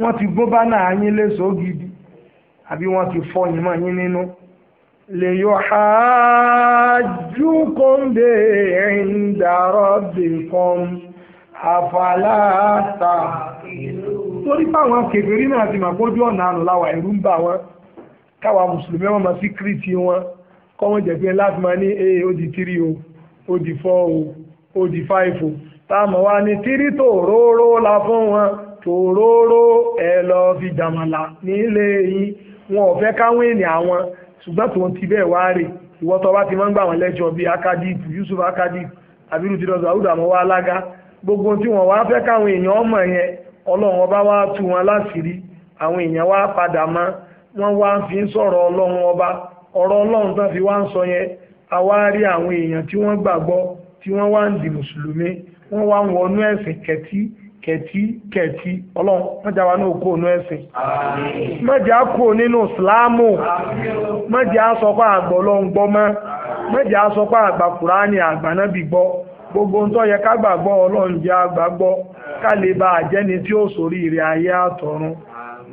wọ́n ti gbó bá náà yín léṣọ́ gidi àbí wọ́n ti fọ́ yín mọ́ yín nínú. lè yọ àájú kan dé ìdàrọ́ dè kan àfàlàtà. torí báwọn kèfèrí náà ti máa gbójú ọ̀nà àrùn láwa ẹ̀rú ń bà wọ́n káwa mùsùlùmí wọn máa sí kírìtì wọn kọ́ wọ́n jẹ́ pé láti máa ní ee ó di tírì o ó di fọ́ o ó di fáìfù táàmù wa ní tírì tòróró la fún wọn tòróró ẹ lọ fi jàmàlà nílé yìí wọn ò fẹ́ káwọn ènìyàn àwọn ṣùgbọ́n tó ń ti bẹ́ẹ̀ wá rè ìwọ tó bá ti máa ń gbà wọ́n lẹ́jọ́ bíi akadip Yusuf akadip abiru tidozu awudu àmọ́wá alága gbogbo tí wọ́n wá fẹ́ káwọn èèyàn mọ̀ yẹn ọlọ́run ọba wá tú wọn láṣìírí àwọn èèyàn wá padà mọ́ wọ́n wá fi ń sọ̀rọ̀ ọlọ́run ọba ọ̀rọ̀ ọlọ́run tán fi wá ń sọ yẹn a àwọn èèyàn tí wọ́n gbàgbọ́ tí wọ́n wá ń di mùsùlùmí wọ́n wá ń wọnú ẹ̀sìn kẹtí kẹtí kẹtí ọlọ́run mọ̀jà wa náà kó onú ẹ̀sìn mọ̀jà kó nínú ìsìláàmù mọ̀jà sọpá àgbọ̀ ọlọ́run gbọ́ mọ́ mọ̀jà sọpá àgbà kùránì àgbànábì gbọ́ gbogbo ń yẹ ká gbàgbọ́ ọlọ́run jẹ́ àgbàgbọ́ ká lè bá àjẹ́ni tí ó sórí ìrì ayé àtọ̀run.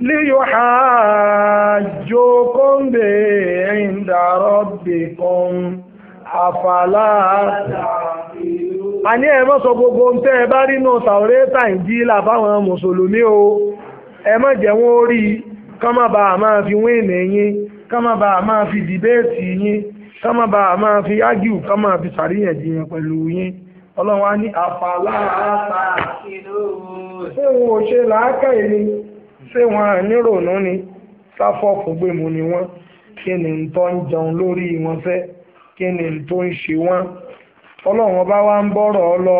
líyò ha jo ndarọ ìdàrọ́ bìkan àfàlà àtàwọn. àní ẹ má sọ gbogbo ohun ẹ bá rí náà tàwọ́rẹ́tà ìjìlá mùsùlùmí o ẹ má jẹ́ wọ́n ká má bàa máa fi wíìnì yín ká má bàa máa fi dìbéètì yín ká má bàa máa fi ágìw ká má fi sàríyànjiyàn pẹ̀lú yín ọlọ́run ní àfàlà àtà ṣé wọn ò ṣe ni ṣé wọn ni ni wọ́n kí ni ọlọ́run ọba wa ń bọ̀rọ̀ ọ lọ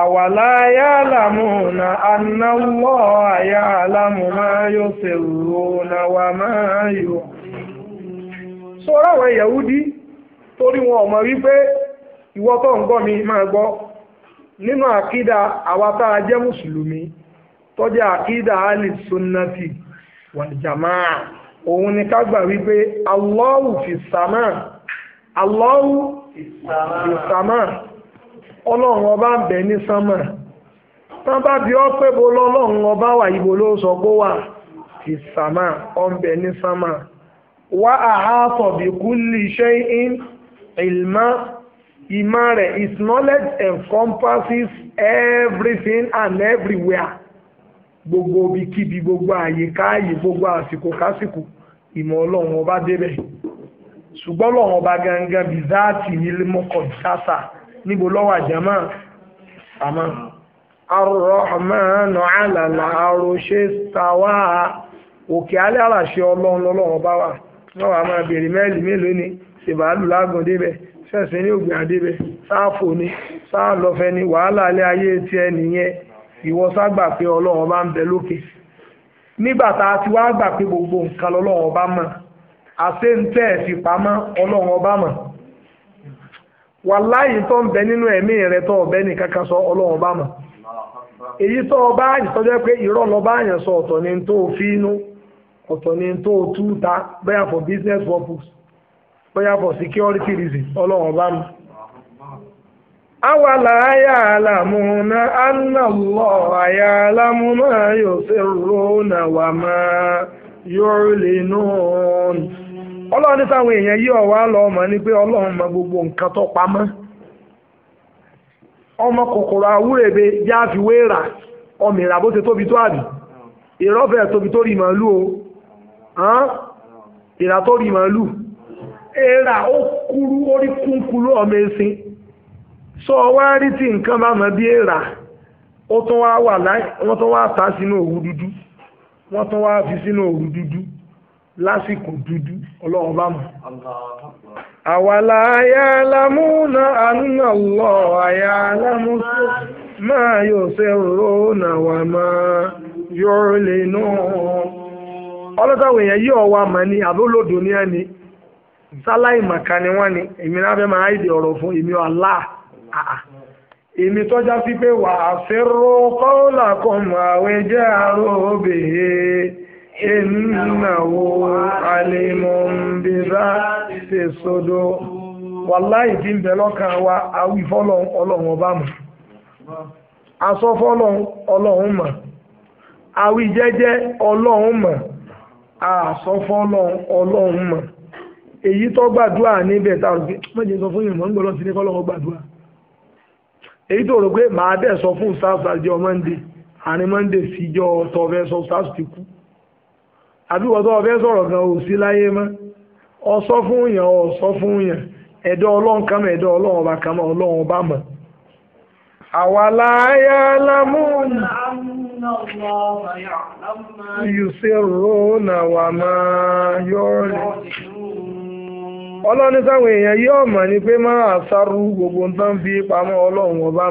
àwàlá yàlámù na anáwọ̀ àyàlámù máa yóò ṣèrò na wà máa yọ. sọ́ra àwọn Yahudi torí wọn ò wípé ìwọ tó ń gbọ́ mi máa gbọ́ nínú àkídà àwa tá a jẹ́ mùsùlùmí tó jẹ́ àkídà alìsúnnàtì wàlìjàmáà òun ni ká gbà wípé Allahu fi sàmà Allahu ìsàmà ọlọ́run ọba ń bẹ ní sánmà tán bá bí ọ pé bo lọ́lọ́run ọba wà ibo ló sọ pé wà ìsàmà ọ ń bẹ ní sánmà wá àhàtọ̀ bí kúlì ṣe ń ìlmá ìmá rẹ̀ his knowledge encompasses everything and everywhere gbogbo ibikíbi gbogbo àyíká àyè gbogbo àsìkò kásìkò ìmọ̀ ọlọ́run ọba débẹ̀ ṣùgbọ́n lọ́wọ́ ọba gangan bí záàtì nílé mọ́kọ̀ dáta níbo lọ́wọ́ àjàmọ́ àmọ́ arọ́hàmánà àlàlà àròṣe tàwa òkè alẹ́ àràṣe ọlọ́run lọ́wọ́ ọba wà lọ́wọ́ àmọ́ bèrè mẹ́lì mélòó ni ṣèbàálù lágùn débẹ̀ ṣẹ̀ṣẹ̀ ní ògbìn àdébẹ̀ sáàfò ni sáàlọ́fẹ́ ni wàhálà alẹ́ ayé tiẹ̀ nìyẹn ìwọ ságbà pé ọlọ́run ọba ń bẹ lókè nígbà tá a ti wá gbà pé gbogbo nǹkan lọ́wọ́ ọba mọ̀ àṣẹ ń tẹ́ ẹ̀ fi pamọ́ ọlọ́run ọba mọ̀ wàláyé tó ń bẹ nínú ẹ̀mí rẹ tó ọ̀bẹ ní kankan sọ ọlọ́run ọba mọ̀ èyí tó ọba àyìntọ́jọ́ pé irọ́ lọ́ba àyàn sọ ọ̀tọ̀ ni tó fi ọ̀tọ̀ ni tó tú ta bóyá for business purpose bóyá for security reason ọlọ́run ọba mọ̀. awàlà ya'lamuna anna Allaha ya'lamu ma yusirruna wa ma yu'linun. ọlọ́run ní táwọn èèyàn yí ọ̀wá lọ ọmọ ní pé ọlọ́run ma gbogbo nǹkan tó ọmọ kòkòrò àwúrèbe já fi wéèrà ọmọ ìrà bó tóbi tó àbí ìrọ́fẹ́ tóbi tó rí màálù o ìrà tó rí màálù ó kúrú orí sọ wá rí tí nǹkan bá mọ bí ó tún wá ta sínú dúdú wọ́n fi sínú dúdú lásìkò dúdú ọlọ́run bá mọ̀. àwàlà ayá na àánà lọ ayá lámúnà máa yóò ṣe rọ́nà wà máa yọrọ lè náà. ọlọ́tàwọ̀ èèyàn yí ọ̀wà mọ̀ ni àbólòdò ní ẹni sáláì màkà ni wọ́n ni èmi náà fẹ́ máa ọ̀rọ̀ fún èmi èmi tọ́já sí wà fẹ́ kan ìnáwó alẹ́mọ̀ bí bá ti sọ́dọ̀ wàláì tí ń bẹ lọ́kàn wa awífọ́lọ́ ọlọ́run ọba mọ̀ asọ́fọ́lọ́ ọlọ́run mọ̀ awí jẹ́jẹ́ ọlọ́run mọ̀ asọ́fọ́lọ́ ọlọ́run mọ̀ èyí tó gbàdúrà níbẹ̀ tá a rò pé mọ́jẹ́ sọ fún ìrìnmọ́ ń gbọ́dọ̀ sí ní kọ́lọ́wọ́ gbàdúrà èyí tó rò pé màá dẹ̀ sọ fún stars àjọ monday àní monday síjọ́ tọ́fẹ́ sọ stars ti kú àbí wọ́n tó o sọ̀rọ̀ gan ma. Ọ láyé mọ́ ọsọ fún yàn ọsọ fún yàn ẹ̀dọ́ ọlọ́run kan ẹ̀dọ́ ọlọ́run ọba kan ọlọ́run ọba àwa wa ma yọrọ ọlọ́ni sáwọn èèyàn yóò mọ̀ ni pé sáru gbogbo nǹkan fi pamọ́ ọlọ́run ọba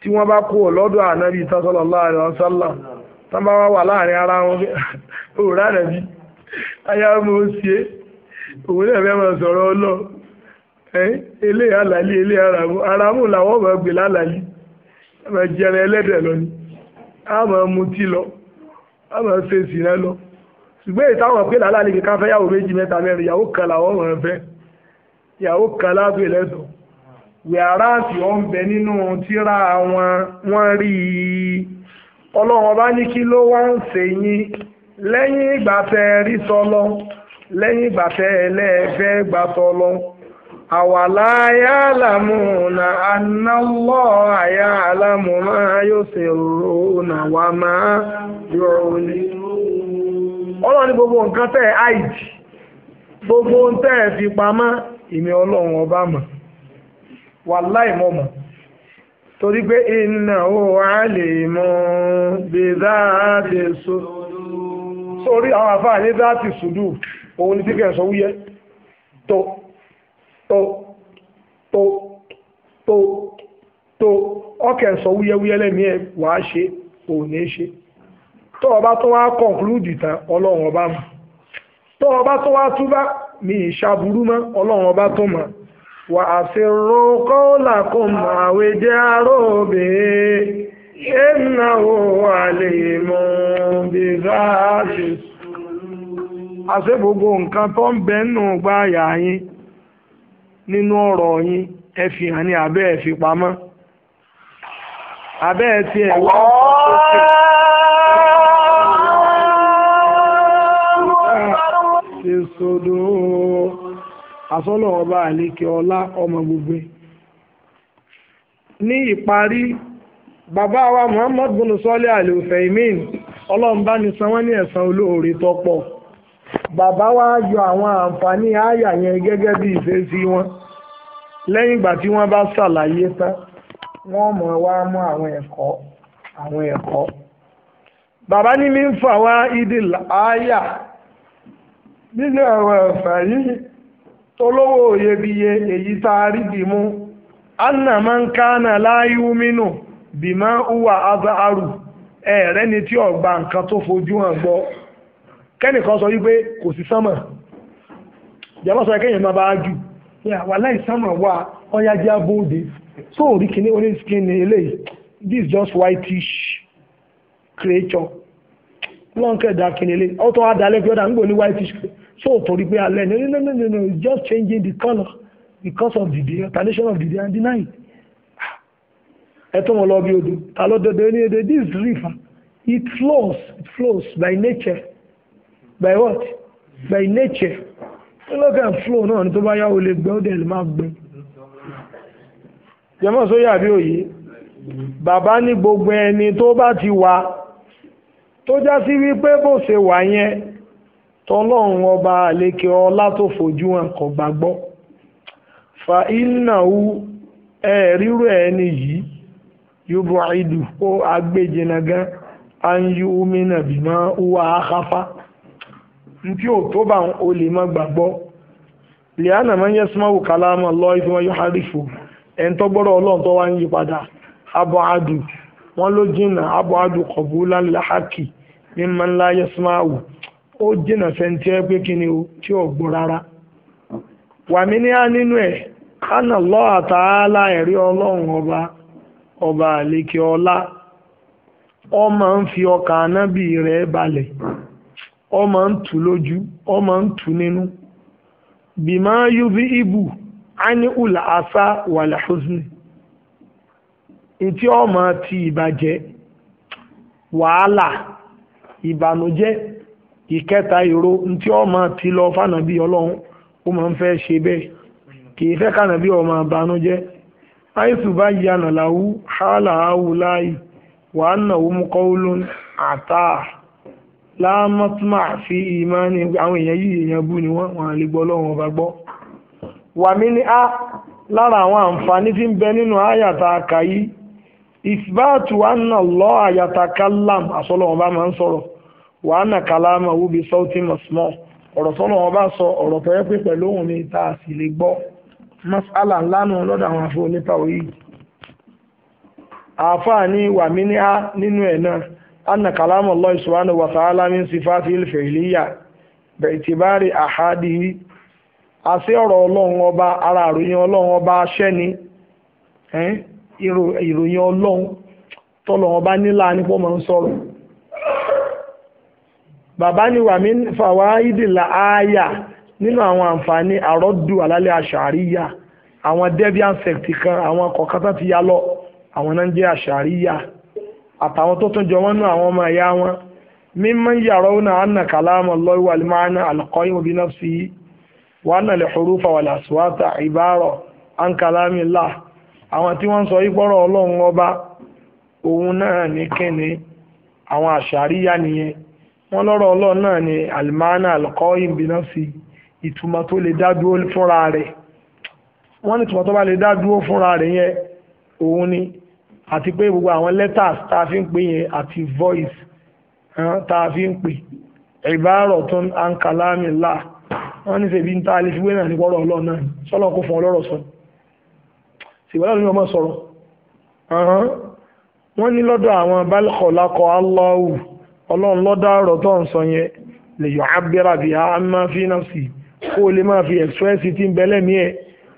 tí wọ́n bá kú ọ lọ́dọ̀ tán bá wá wà láàrin ara wọn òwúrọ̀ àrẹ̀bí ayá mo ṣe é òun náà fẹ́ máa sọ̀rọ̀ ọlọ́ ilé àlàlí ilé aramu aramu làwọn ọmọ gbè lálàlí ọmọ jẹrẹ ẹlẹ́dẹ̀ lọ a máa mutí lọ a máa ṣe ìsìnà lọ ṣùgbọ́n èyí táwọn pè lálàlí kí káfẹ́ yàwó méjì mẹ́ta mẹ́rin yàwó kan làwọn ọmọ fẹ́ yàwó kan lábẹ́ ẹlẹ́dọ̀ wíárá sì ọ̀ ń bẹ nínú tíra wọn wọ́n rí i. ọlọ́run ọba ní kí ló wá ń ṣe yín lẹ́yìn ìgbà tẹ rí sọlọ lẹ́yìn ìgbà tẹ gbà sọlọ àwàlá yàlámù na máa yóò ṣe ròónà wà máa yọ̀rọ̀ òní ọlọ́run ní gbogbo nǹkan àìjì gbogbo fi pamọ́ ọlọ́run ọba mọ̀ mọ̀ mọ̀. torí pé iná ó alimu bí dáàtì sùdù sórí àwọn àfáà ní dáàtì sùdù òun ni tíkẹ̀ sọ wúyẹ́ tó tó tó tó tó ọkẹ̀ sọ wúyẹ́wúyẹ́ lẹ́mí ẹ̀ wàá ṣe òun ní ṣe tó ọba tó wá kọ̀ǹkúlùdì tán ọlọ́run ọba mọ̀ tó ọba tó wá túbá mi ìṣàbùrú mọ́ ọlọ́run ọba tó mọ̀ وأسروا قولكم أو اجهروا به إنه عليم بذات àṣé nǹkan tó ń bẹ nù gbá àyà yín nínú ọ̀rọ̀ yín ẹ fi hàn ní abẹ́ ẹ fi pamọ́ abẹ́ ẹ ti ẹ̀ wá. àsọ́lọ̀ ọba àlékè ọlá ọmọ gbogbo ní ìparí bàbá wa Muhammad bin sọ́lé àlùfẹ̀mín ọlọ́run bá ní san wọ́n ní ẹ̀san olóore tọ́pọ̀ bàbá wa yọ àwọn àǹfààní àyà yẹn gẹ́gẹ́ bí ìṣesí wọn lẹ́yìn ìgbà tí wọ́n bá ṣàlàyé tán wọ́n mọ̀ wá mú àwọn ẹ̀kọ́ àwọn ẹ̀kọ́ bàbá ní mi ń fà wá ìdí àyà nínú àwọn àǹfààní yìí. t'olowo oyebiye èyí tá a rí anna máa ń máa azaharu ni tí ọ̀gbà nǹkan tó fojú hàn gbọ́ kẹ́nìkan sọ wípé kò sí sánmà ìjọba sọ kẹ́yìn máa bá a jù wà láì sánmà wà ọ̀yá jẹ́ abóde tó rí kíní eléyìí this is just whitish creature lọ́nkẹ́ dá kíní eléyìí ọ̀tọ̀ adalẹ́ fi ọ̀dà ń gbò ní whitish creature. so torí pé alẹ́ ni no no no no it's just changing the color because of the day alternation of the day and the night ah. ẹ tó wọn lọ bí odò ta ní èdè this river it flows it flows by nature by what by nature lọ́kàn flow náà ní tó bá yá o lè gbẹ́ ó dẹ̀ lè má gbẹ́ jẹmọ́ sóyà bí òye bàbá ní gbogbo ẹni tó bá ti wà tó já sí wípé bó ṣe wà yẹn tọlọ́run ọba àlékè ọlá tó fojú wọn kò gbàgbọ́ fa ináwó ẹ ríro ẹni yìí yorùbá ìdù ó agbèjìnà gan anyu umina bímọ uwa akafa ntí ò tó bá o lè má gbàgbọ́ lìánà máa ń yẹ súnmọ́wò kálámà lọ ife wọn yóò harifu ẹ̀ ń ọlọ́run tó wá ń wọn ló jìnnà abọ́ kọ̀bú mímọ́ ńlá yẹ ó jìnà fẹ́ntì ẹ pé kíni o tí ò gbọ́ rárá ní nínú ẹ̀ kánà lọ́ ẹ̀rí ọlọ́run ọba ọba àlékè ọlá ọmọ ń fi ọkàn anábì rẹ̀ balẹ̀ ọmọ ń tù lójú ọmọ ń tù nínú bìmọ̀ ibu ani ula asa wàlẹ̀ etí ọmọ ti ìbàjẹ́ wàhálà ìbànújẹ́ ìkẹta ìró ntí ọmọ ti lọ fànàbí ọlọ́run ó máa ń fẹ́ ṣe bẹ́ẹ̀ kì í fẹ́ kànàbí ọmọ àbánújẹ́ àìsù bá yí ànàláwú hálà áwùláì wàá nàwó mú àtà ìmọ̀ ni àwọn èèyàn yìí èèyàn bú ni wọ́n lè gbọ́ ni a lára àwọn àǹfààní tí ń bẹ nínú àyàtà àkàyí ìsbáàtù àyàtà kálàm àsọlọ́wọ́n bá máa wanna nà kàlámà wúbi sọ́ọ̀tì mọ̀sùmọ́ ọ̀rọ̀ ọba sọ ọ̀rọ̀ tó pẹ̀lú òun ni tá a sì lè gbọ́ lọ́dọ̀ àwọn afọ onípa òyì àáfàá ní ní á nínú ẹ̀ náà anna kàlámà Allah subhanahu wa ta'ala min sifatil fi'liya bẹ̀tìbárì àhádì àṣẹ ọ̀rọ̀ ọba ara ọba aṣẹ́ ni ìròyìn ọba sọ̀rọ̀ bàbá ni wàmí la àáyà nínú àwọn àǹfààní àròdù àlálẹ̀ àṣàríyà àwọn deviant sect kan àwọn kọ̀ọ̀kan tó ti yá lọ àwọn náà ń jẹ́ àṣàríyà àtàwọn tó tún jọ wọ́n nú àwọn ọmọ ẹ̀yà wọn mímọ́ yàrá òun náà ànà kàlámà lọ́wọ́ alimánà àlùkọ́ ìmọ̀ bí náà sí wàhánà lè hurufa wal aswata ìbárọ̀ ànkàlámìlá àwọn tí wọ́n sọ ìgbọ́rọ̀ ọlọ́run ọba òun náà ní kíni àwọn àṣàríyà nìyẹn wọ́n lọ́rọ̀ ọlọ́run náà ni alimana alqaim binafsi ìtumọ̀ tó lè dá dúró fúnra rẹ̀ wọ́n ní ìtumọ̀ tó bá lè dá dúró fúnra rẹ̀ yẹn òun ni àti pé gbogbo àwọn letters tá a fi ń pè yẹn àti voice tá a fi ń pè ìbárọ̀ tó ń ankalami là wọ́n ní sèbi ń tá a lè fi wé náà ní wọ́rọ̀ ọlọ́run náà sọ́lọ́ kó fún ọlọ́rọ̀ sọ ṣèwọ́n lọ́dún ọmọ sọ̀rọ̀ wọ́n ní lọ́dọ̀ àwọn balùkọ̀ lákọ̀ allahu ọlọ́run lọ́dá ọ̀rọ̀ tó ń sọ yẹn lè yọ abẹ́rẹ́ àbí àmà lè máa fi ẹ̀sùrẹ́sì tí ń bẹ lẹ́mí ẹ̀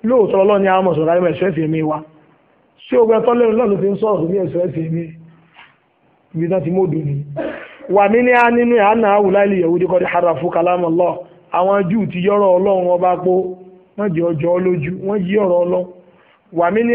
lóòótọ́ ọlọ́run ni a sọ̀rọ̀ àyẹ̀mọ̀ ẹ̀sùrẹ́sì mi wa ṣé o gbẹ́tọ́ lẹ́nu náà ló fi ń sọ̀rọ̀ sí ni. wà mí ní a ẹ̀ àná àwùlá ilé dikọ́ àwọn ti yọ̀rọ̀ ọlọ́run ọba wọ́n jẹ́ ọjọ́ lójú wọ́n wà mí ní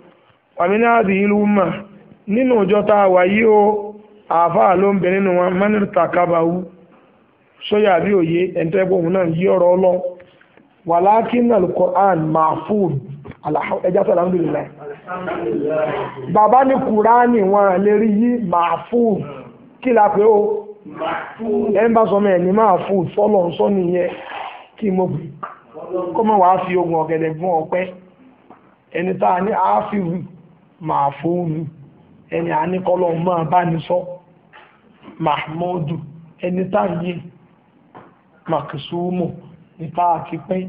wàmínà àdì ìlú mà nínú ìjọ tá a wà yìí o àáfàá ló ń bẹ nínú wọn mánìrì tàkàbàwù sóyà bí òye ẹ̀ńtẹ́gbọ̀n òun náà yí ọ̀rọ̀ ọlọ́ wàlákìn alukoran mahfud ẹja sọ alhamdulilayi bàbá ni kùránì wọn lérí yí mahfud kí la pé o ẹ ń bá sọmọ ẹ ní mahfud sọlọ nsọ nìyẹn kí mo kọ́ mọ̀ wàá fi ogun ọ̀gẹ̀dẹ̀ fún ọpẹ́ ẹni tá a ní àáfi màá fóònù ẹni àníkọ́lọ́ máa bá ní sọ mahmudu ẹni táyé makisumu níta àti pín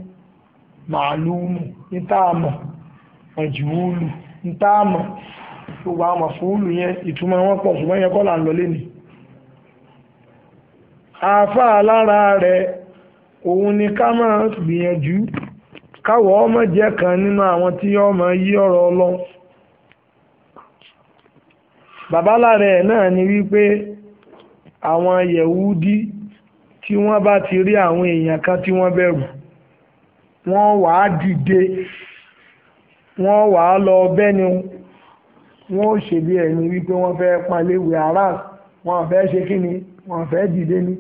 màálùmù níta àmọ̀ màjúwúlù níta àmọ̀ gbogbo àwọn màfúùlù yẹn ìtumọ̀ wọn pọ̀ ṣùgbọ́n yẹn kọ́ là ń lọ lẹ́nu àáfàá lára rẹ̀ òun ni ká máa gbìyànjú káwọ́ ọmọ jẹ́ kan nínú àwọn tí ọmọ yí ọ̀rọ̀ ọlọ́run bàbá lára ẹ̀ náà ni wípé àwọn yẹ̀wúdí tí wọ́n bá ti rí àwọn èèyàn kan tí wọ́n bẹ̀rù wọ́n wàá dìde wọ́n wàá lọ bẹ́ni wọ́n ò ṣe ẹni wípé wọ́n fẹ́ paléwé ara wọ́n fẹ́ ṣe kí ni wọ́n fẹ́ dìde ni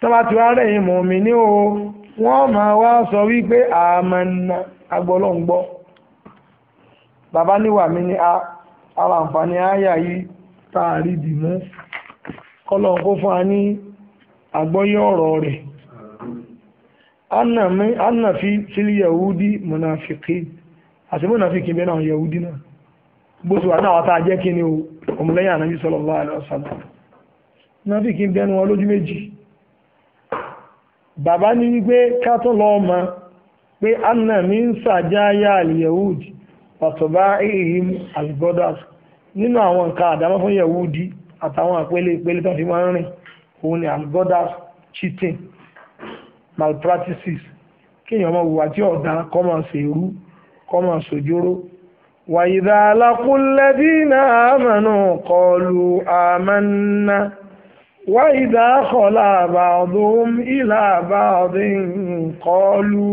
tọ́ba ti wá rẹ̀ yìí mọ̀ mí ní o wọ́n máa wá sọ wípé àmàna agbọ́lọ́ngbọ́ bàbá níwà mi ní ara àǹfààní àyà yìí tá a rí dì mú kọ́lọ̀ fún wa ní àgbọ́yé ọ̀rọ̀ rẹ̀ anna fi sílí yahudi munafiki àti munafiki bẹ́ẹ̀ náà yahudi náà bó ti wà náà wọ́n tá jẹ́ kí ni o ọmọlẹ́yìn ànábì sallallahu alaihi wasallam munafiki bẹ́ẹ̀ ni wọ́n lójú méjì bàbá ní wípé ká tó lọ́ọ́ mọ pé anna mi ń sàjáyà yahudi ọ̀tọ̀bá ìhìm algodas nínú àwọn nǹkan àdámọ́ fún yahudi àtàwọn àpẹẹlẹ ìpele tó fi máa ń rìn òun ni algodas cheating malpractices kéèyàn máa wùwà tí ọ̀dà kọ́mọ̀ ṣèrú kọ́mọ̀ ṣòjóró wàyídà alákúnlẹ́dí náà àmànù kọlu àmànà wàyídà kọlà àbàdùn ìlà àbàdùn kọlu.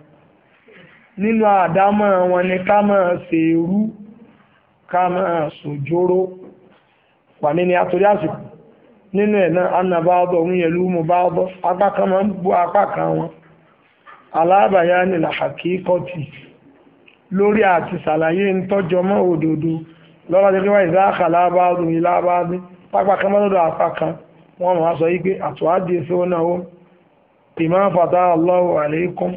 nínú àdámọ́ wọn ni ká máa ṣèrú ká máa sòjóró pàmí ni àtòrí àsìkò nínú ẹ̀ náà anàbáàbọ̀ òun yẹ̀lú mú báàbọ̀ apá kan máa ń bú apá kan wọn aláàbàyá ni làhàkí kọ́tì lórí àti ṣàlàyé ń tọ́jọ́ mọ́ òdodo lọ́wọ́ jẹ́ pé wáyé záàkà lábáàdùn yìí lábáàdùn pápá kan mọ́lọ́dọ̀ apá kan wọ́n máa sọ yí àtúwádìí sí ó ó ìmọ̀ fàtà Allahu alaykum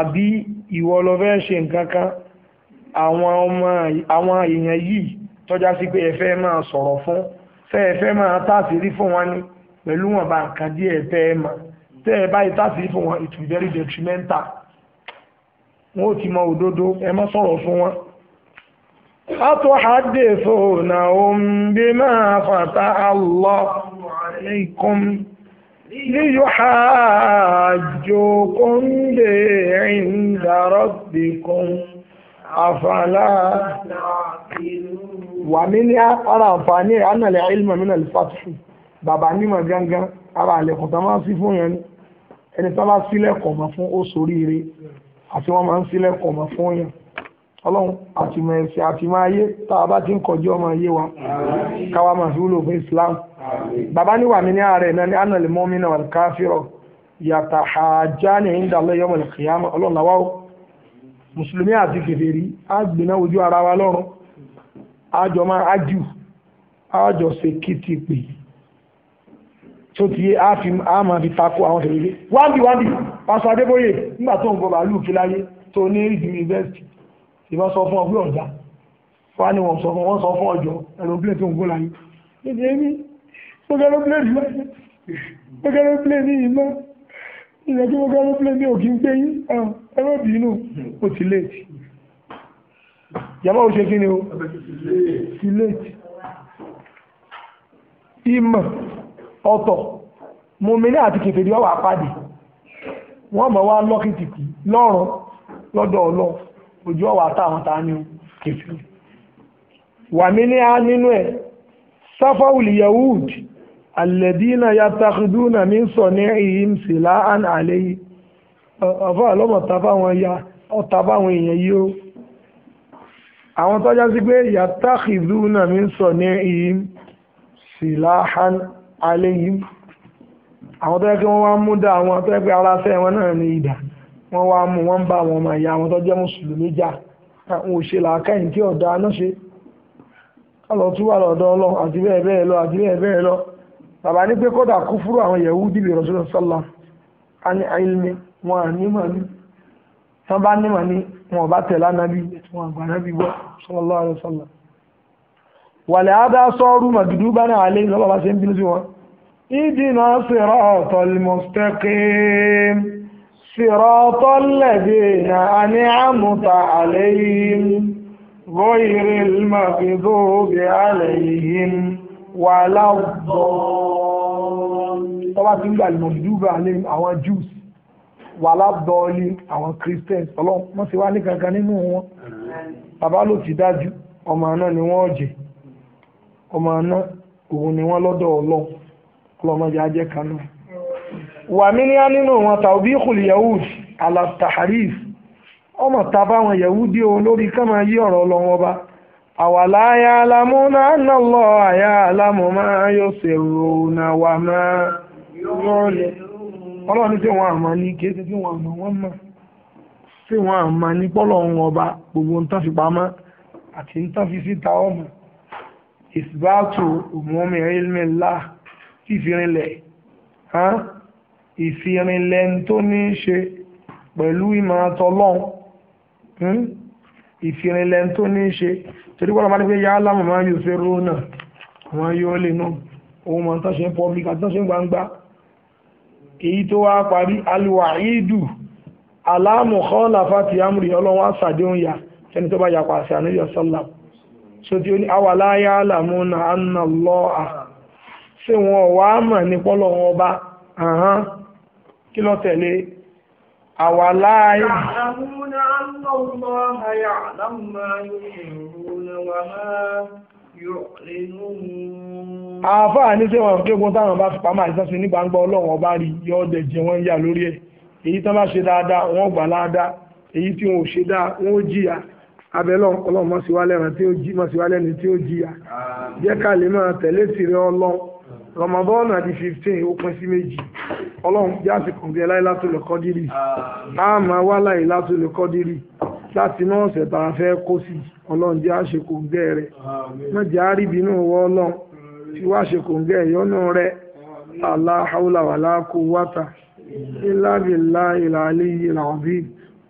àbí ìwọ lọ fẹ́ ṣe nǹkan kan àwọn ọmọ àwọn èèyàn yìí tọ́já sí pé ẹ fẹ́ máa sọ̀rọ̀ fún fẹ́ ẹ fẹ́ máa tàṣírí fún wọn ni pẹ̀lú wọn bá nǹkan díẹ̀ tẹ́ ẹ mọ̀ tẹ́ ẹ báyìí tàṣírí fún wọn it will be very detrimental wọn ò ti mọ òdodo ẹ má sọ̀rọ̀ fún wọn. أتحدثونهم بما فتح الله عليكم ليحاجوكم به عند ربكم أفلا ومن أرى أنفاني أن العلم من الفتح bàbá nímọ̀ gángan ara àlẹ̀kùn tó máa ń sí fún yẹn ni ẹni tó bá sílẹ̀kọ̀ mọ̀ fún ó soríire àti wọ́n máa ń sílẹ̀kọ̀ mọ̀ fún yẹn ọlọ́run àtìmọ̀ ẹ̀sìn àtìmọ̀ ayé tá a bá ti ń kọjú ọmọ ayé wa káwa máa fi wúlò fún Islam bàbá níwà mi ní ààrẹ náà ní anna al-mu'mina wal kafira yatahajjani inda Allah yawm al-qiyamah ọlọ́run làwá o mùsùlùmí àti kèfèrí á gbìnà ojú ara wa lọ́rùn àjọ máa ájù àjọ ṣe kìtì pè tó ti yé á máa fi takò àwọn fèrè wáńbì wáńbì pásọ adébóyè nígbà tó ń gbọ́ bàálù kíláyé tó ní yunifásitì ìbá sọ fún ọgbẹ́ ọ̀dà wọ́n á ní wọ́n sọ fún ọjọ́ ẹ̀rọ mọ́gẹ́rọ́pìlẹ̀ ní iná ilẹ̀ tí mọ́gẹ́rọ́pìlẹ̀ ní òkín gbé yí ẹ̀rọ bínú ó ti léètì yàmá ó ṣe kí ni ó ti léètì ìmọ̀ ọ̀tọ̀ mọ̀mílì àti kèfèrí ọwà pàdé wọ́n mọ̀ wá lọ́kìtìkì lọ́rùn lọ́dọ̀ ọlọ́ ojú ọwà táwọn ta ní kèfèrí wà mí ní á nínú ẹ̀ sáfáwùlì yahudi alẹ́dínà yàtàkùdúnà mi sọ ní ìhìm sí láàn àlẹ́ yìí ọ̀fọ́ àlọ́mọ̀ ọ̀tá báwọn èèyàn yìí ó àwọn tọ́já sí pé yàtàkùdúnà mi sọ ní ìhìm sí láàn àlẹ́ yìí àwọn tó yẹ kí wọ́n wá mú dá àwọn tó yẹ pé ara fẹ́ wọn náà ní ìdá wọ́n wá mú wọ́n bá àwọn ọmọ ìyá àwọn tó jẹ́ mùsùlùmí jà àwọn òṣèlú àkẹ́yìn tí ọ̀dà náà ṣe kálọ̀ tún wà lọ́dọ̀ ọlọ́run àti bẹ́ẹ̀ bẹ́ẹ̀ lọ àti bẹ́ẹ̀ bẹ́ẹ̀ lọ bàbá ní pé kódà kú fúrú àwọn Yahudi bí Rasulullah sallallahu alaihi wasallam wọn à ní màmí tán bá ní màmí wọn bá tẹ̀lé ànábì wọn àgbà ànábì wọ sallallahu alaihi wasallam wàlẹ̀ àdá sọ́ọ́rù màdùdú bá náà alẹ́ lọ́wọ́ bá ṣe ń bínú sí wọn. ìdìnà siratal mustaqim siratal ladina an'amta alayhim ghayril maghdubi alayhim wàlá bọ́ọ̀ tọ́wá ti ń gbà lùmọ̀ dúdúbà lé àwọn Jews wà lábọ́ọ̀lì àwọn Christians ọlọ́run wọ́n ti wá ní kankan nínú wọn bàbá ló ti dájú ọmọ àná ni wọ́n jẹ ọmọ àná òun ni wọ́n lọ́dọ̀ ọlọ́run ọlọ́mọdé ajẹ́ kan náà wà mí ní á nínú wọn tàbí ìkùlù Yahudi alastaharif ọmọ tàbá wọn Yahudi òun lórí kánmọ yí ọ̀rọ̀ ọlọ́run ọba àwàlá ayá alámúná náà lọ àyá alámúná yóò ṣèrò náà wà máa lọ́ọ̀lẹ̀ ọlọ́run tí wọ́n àmà ní kéèsì tí wọ́n àmà wọ́n mọ̀ tí wọ́n àmà ní pọ́lọ̀ ohun ọba gbogbo ń tán fi pamọ́ àti ń tán fi síta ọmọ ìsìbáàtò òmùọ́mì ilmẹ̀lá fífirinlẹ̀ ìfirinlẹ̀ tó ní í ṣe pẹ̀lú ìmọ̀ àtọlọ́hun ìfirinlẹ̀ tó ní í ṣe torí wọ́n máa ń pẹ́ yá lámọ̀ máa ń yọ fẹ́ rónà àwọn yóò lè náà ohun mọ̀ tán ṣe ń pọ́blíkà tán ṣe ń gbangba èyí tó wá parí alwàídù aláàmùkọ́ làfàtì amúrí ọlọ́wọ́ àṣàdéhùn yà ẹni tó bá yàpá àṣà ní sọ́lá so tí ó ní awàláyà alamuna anna lọ́à sí wọn wá mà ní pọ́lọ̀ wọn bá ahán kí lọ tẹ̀lé awàláyà alamuna anna lọ́à àáfàá ní sẹ́wọ̀n kéegun táwọn bá fipá máa ìsásí ní gbangba ọlọ́run ọba rí yọ ọdẹ jẹ wọ́n yà lórí ẹ̀ èyí tán bá ṣe dáadáa wọ́n gbà láadáa èyí tí wọn ò ṣe dáa wọ́n ó jìyà abẹ́lẹ́ ọlọ́run mọ́ sí wálẹ̀ ràn tí ó jí mọ́ sí wálẹ̀ ní tí ó jìyà jẹ́ ká lè máa tẹ̀lé tìrẹ ọlọ́run Ramadan àti 15 ó pín sí méjì ọlọ́run jáàsì kọ̀ǹgẹ́ láì látòlè kọ́dírì á máa wá láì látòlè kọ́dírì láti náà ọ̀sẹ̀ tá a fẹ́ kó sí ọlọ́run jáàsì kọ̀ǹgẹ́ rẹ̀ mọ́jà á rí bínú wọ́ ọlọ́run fi wá ṣe kòǹgẹ́ ìyọ́nú rẹ̀ aláhàúlà wàláàkú wátà ìlàbìlà ìlàlẹ́ ìlàbí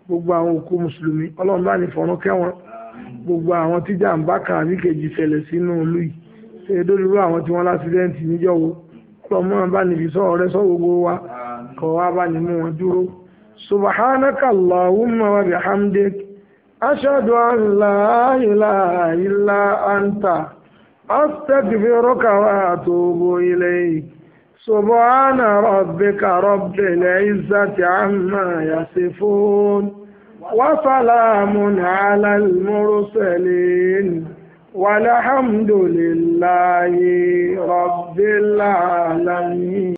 gbogbo àwọn òkú mùsùlùmí ọlọ́run bá ní fọ̀rún kẹ́wọn gbogbo àwọn tíjà ń bá kan àbí kejì ṣẹlẹ̀ sínú ìlú yìí ṣe dóríwó àwọn tí wọ́n lásìdẹ́ǹtì níjọ́wọ́ ọlọ́run bá ní fi sọ̀rọ̀ rẹ sọ gbogbo wa kọ̀ wá bá ní mú wọn dúró. subhanaka wa bihamdik ashhadu an la ilaha illa anta. أستغفرك وأتوب إليك سبحان ربك رب العزة عما يصفون وسلام على المرسلين والحمد لله رب العالمين